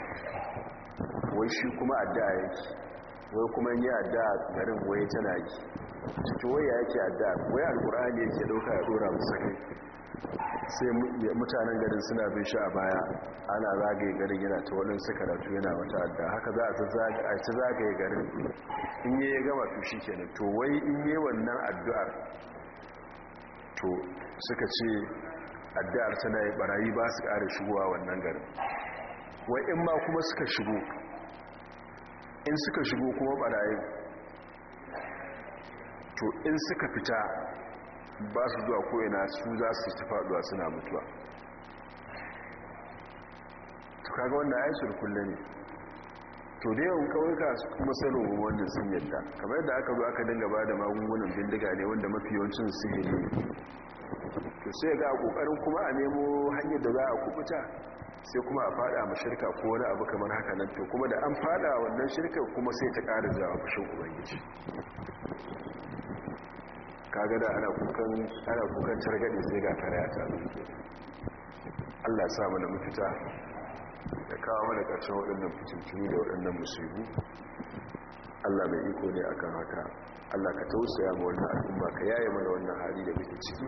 A: wai shi kuma addu'a yake wai kuma yi addu'a garin wai tana yi cikin wai ya yake addu'a wai alƙur'ani yake ɗauka ya ɗora musamman? sai mutanen garin suna bin shi a baya ana zagaye garin yana ta wani sakaratu yana wata adda haka za a ci zagaye garin in yi ya gama fi shi kenan to wai in yi wannan addu'ar to suka ce addu'ar tana yi barayi ba su ƙara shigowa wannan garin wai in ma kuma suka shigo in suka shigo kuma barayi to in suka fita ba su zuwa koyana su za su ci faduwa suna mutuwa to kaga wannan yi surkulle ne to da yawan su kuma salon wannan sun yadda kamar yadda aka zo aka dinga ba da magungunan bindiga ne wanda mafi yawancin sihiri to sai ga kokarin kuma a nemo hanyar da za a kubuta sai kuma a fada ma shirka ko wani abu kamar haka nan to kuma da an fada wannan shirka kuma sai ta ƙara zawa fashin ubangiji kaga da ana kukan ana kukan targade sai ga tare a ta Allah ya sa mana mafita ya kawo mana karshen waɗannan fitintuni da waɗannan musibu Allah mai iko ne akan haka Allah ka tausaya ma wannan al'umma ka yaye mana wannan hali da muke ciki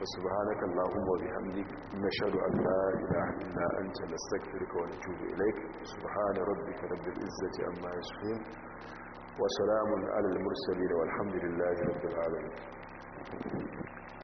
A: wa subhanaka allahumma wa bihamdika nashhadu an la ilaha illa anta nastaghfiruka wa natubu ilaik subhana rabbika rabbil izzati amma yasifun wa salamun alal mursalin walhamdulillahi rabbil alamin